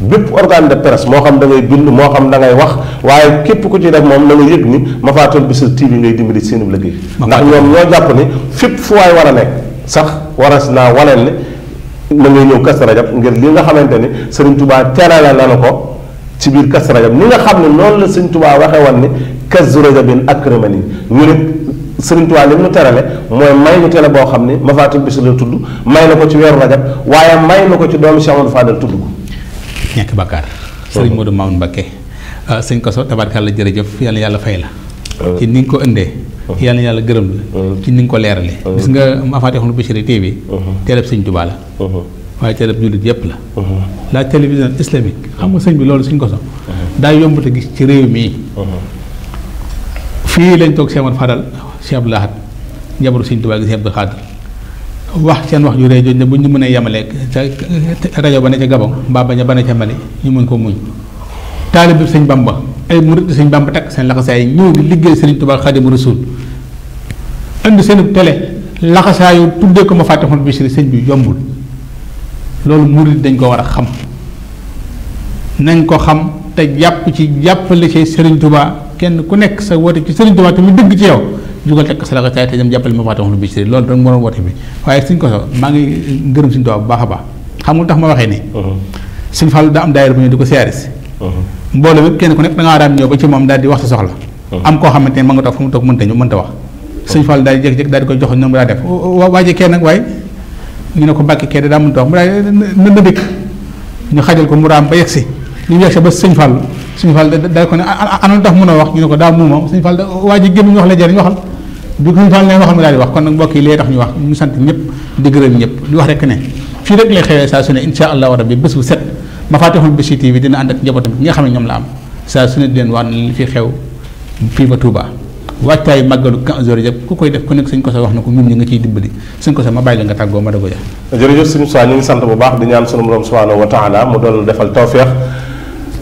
bépp organe de presse moo xam da ngay bind moo xam da ngay wax waaye képp ku ci def moom na nga yëg ni Mafaatihul Bichri TV ngay dimbali seenu liggéey. ndax ñoom ñoo jàpp ne fépp fu waay war a nekk sax waras naa waneen ne na ngay ñëw Kazu Rajab ngir li nga xamante ni Serigne Touba teerale na ko. ci biir Kazu Rajab ni nga xam ne noonu la Sëñ Tuubaa waxe woon ne Kazu Rajabin akramani ñu ne Sëriñ Tuubaa li mu terale mooy may ñu tele boo xam ne Mafaatihul Bichri la tudd may na ko ci weeru rajab waaye may na ko ci doomu Cheikh Amadou Fadal tudd ko. ñàkk bàkkaar. Sëriñ Modou Mamoun Mbakke ah, sëñ yàlla fay la. Euh. ci ni ko indee. Euh. yàlla yàlla gërëm la. Euh. ci ni nga ko leeralee. gis nga Mafaatihul Bichri TV. teelab sëñ Tuubaa la. waaye teelab jullit yëpp la. la télévision islamique xam nga sëñ bi loolu sëñ Koso. daa yomb gis ci réew mii fii lañ toog seen Fadal Cheikh Abdou Lahad jabaru Sëñ Tuubaa gi Cheikh Abdou wax seen wax ju rëy jooju ne bu ñu mënee a ca rajo ba ne ca Gabon mbaa ba ne ca Mali ñu mën ko muñ taalib bi Sëñ Bamba ay murid Sëñ Bamba takk seen laxasaay ñëw di liggéey Sëriñ Tuubaa Xaadimu Rasuul indi seen télé laxasaayu tuddee ko ma fàtte xon bi si sëñ bi yombul loolu murid dañ ko war a xam nañ ko xam te jàpp ci jàppale ci Sëriñ Tuubaa kenn ku nekk sa woote ci Sëriñ Tuubaa tamit dëgg ci yow jugal tekk sa loxo caay te dem jàppale ma fàtte wax lu bi ci loolu doon moo doon woote bi waaye suñ ko so maa a tax ma waxee nii Sëriñ da ngaa daan ñëw ba ci moom daal di wax sa uh-huh. mu uh-huh. daa def waaje kee waaye ñu ne ko mbàkke kee daa mënta wax mu daal na dëkk ñu xajal ko mu raam ba yegsi ñu yegsi ba Sëriñ suñu fal day ko ne ana lu tax mën a wax ñu ne ko daa mu moom suñu fal waa ji gémmiñ wax la jëriñ waxal du suñu fal ne waxal mu daal di yi lee ñu wax la am saa su ne di leen wax ne xew fii ba Touba waajtaay màggalu 15 heures yëpp ku koy def ko sa wax na ko ñun ñu nga ciy dimbali sant bu baax di ñaan sunu borom subhanahu wa mu doon defal tawfeex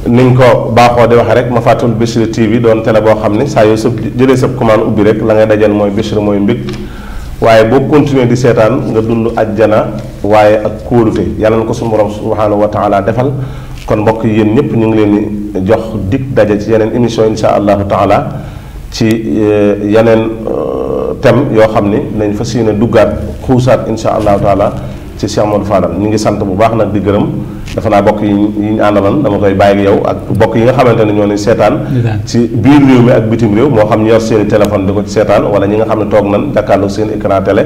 niñ ko baaxoo di waxee rek ma fàttul Bichri TV doon télé boo xam ni saa yoo sa jëlee sa commande ubbi rek la ngay dajal mooy Bichri mooy mbég waaye boo continuer di seetaan nga dund ajjana waaye ak kóolute yàlla na ko suñu borom subhanahu wa taala defal kon mbokk yi yéen ñëpp ñu ngi leen di jox dig daje ci yeneen émission insha allahu taala ci eh, yeneen eh, thème yoo xam ni nañ fas yéene duggaat xuusaat insha allahu taala ci Cheikh Modou ñu ngi sant bu baax nag di gërëm dafa naa bokk yi ñu dama koy bàyyi ak bokk yi nga xamante ne ñoo ne seetaan ci biir réew mi ak bitim réew moo xam ñu yor seeni téléphone di ko seetaan wala ñi nga xam ne toog nan jàkkaarloog seen écran télé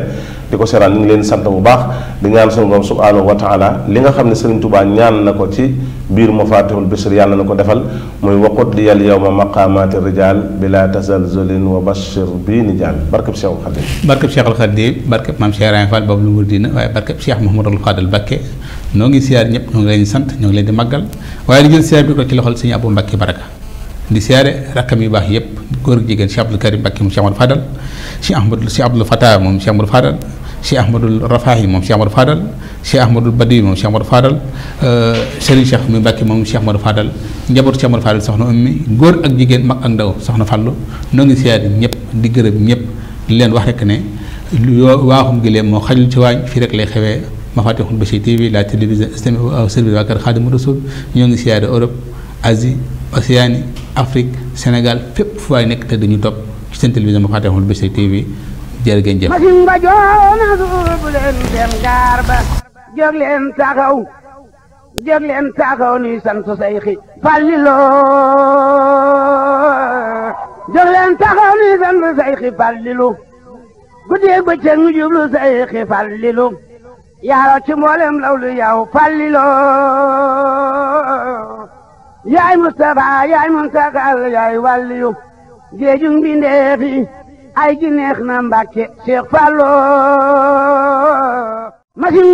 di ko seetaan leen sant bu baax di ñaan sunu borom subhanahu wa taala li nga xam ne Sëriñ Tuubaa ñaan na ko ci biir mafatihul bisr yàlla na ko defal muy waqut li yal yawma maqamati rijal bila tazalzulin wa bashir bi nijal barkab Cheikhul Khadim barkab Cheikhul Khadim barkab maam Cheikh Rahim Fall boobu lu wër dina waaye barkab noo ngi siyaar ñëpp ñoo ngi leen di sant ñoo leen di màggal waaye di jël siyaar bi ko ci loxol sëñ Abou Mbacke Baraka di siyaare rakkam yu baax yëpp góor jigéen Cheikh Abdou Karim Mbacke moom Cheikh Amadou Fadal Cheikh Ahmadou Cheikh Abdou Fatah moom Cheikh Amadou Fadal Cheikh Ahmadou Rafahi moom Cheikh Amadou Fadal Cheikh Ahmadou Badi moom Cheikh Amadou Fadal euh, Serigne Cheikh mi moom Cheikh Amadou Fadal njabootu Cheikh Amadou Fadal soxna ummi góor ak jigéen mag ak ndaw soxna Fallou noo ngi siyaare ñëpp di gërëm ñëpp di leen wax rekk ne lu waaxum gi leen moo xajul ci waañ fii rek lay xewee Mafatihul Bichri TV la télévision islamique au service waa kër Xaadimu Rasuul ñoo ngi siyaare Europe Asie Océanie Afrique Sénégal fépp fu waay nekk te dañu topp ci seen télévision Mafatihul Bichri TV jërë ngeen jëf. jóg leen leen taxaw nuy sant Seyxi Fallilo jóg leen taxaw nuy sant Seyxi Fallilo guddeeg bëccëg ñu jublu Seyxi Fallilo yaaro ci mboolem lawlu yaw fallilo yaay Mustafa yaay Muntakal yaay wàlliyu géeju mbindeefi ay gi neex na Mbàkke Seex Fallu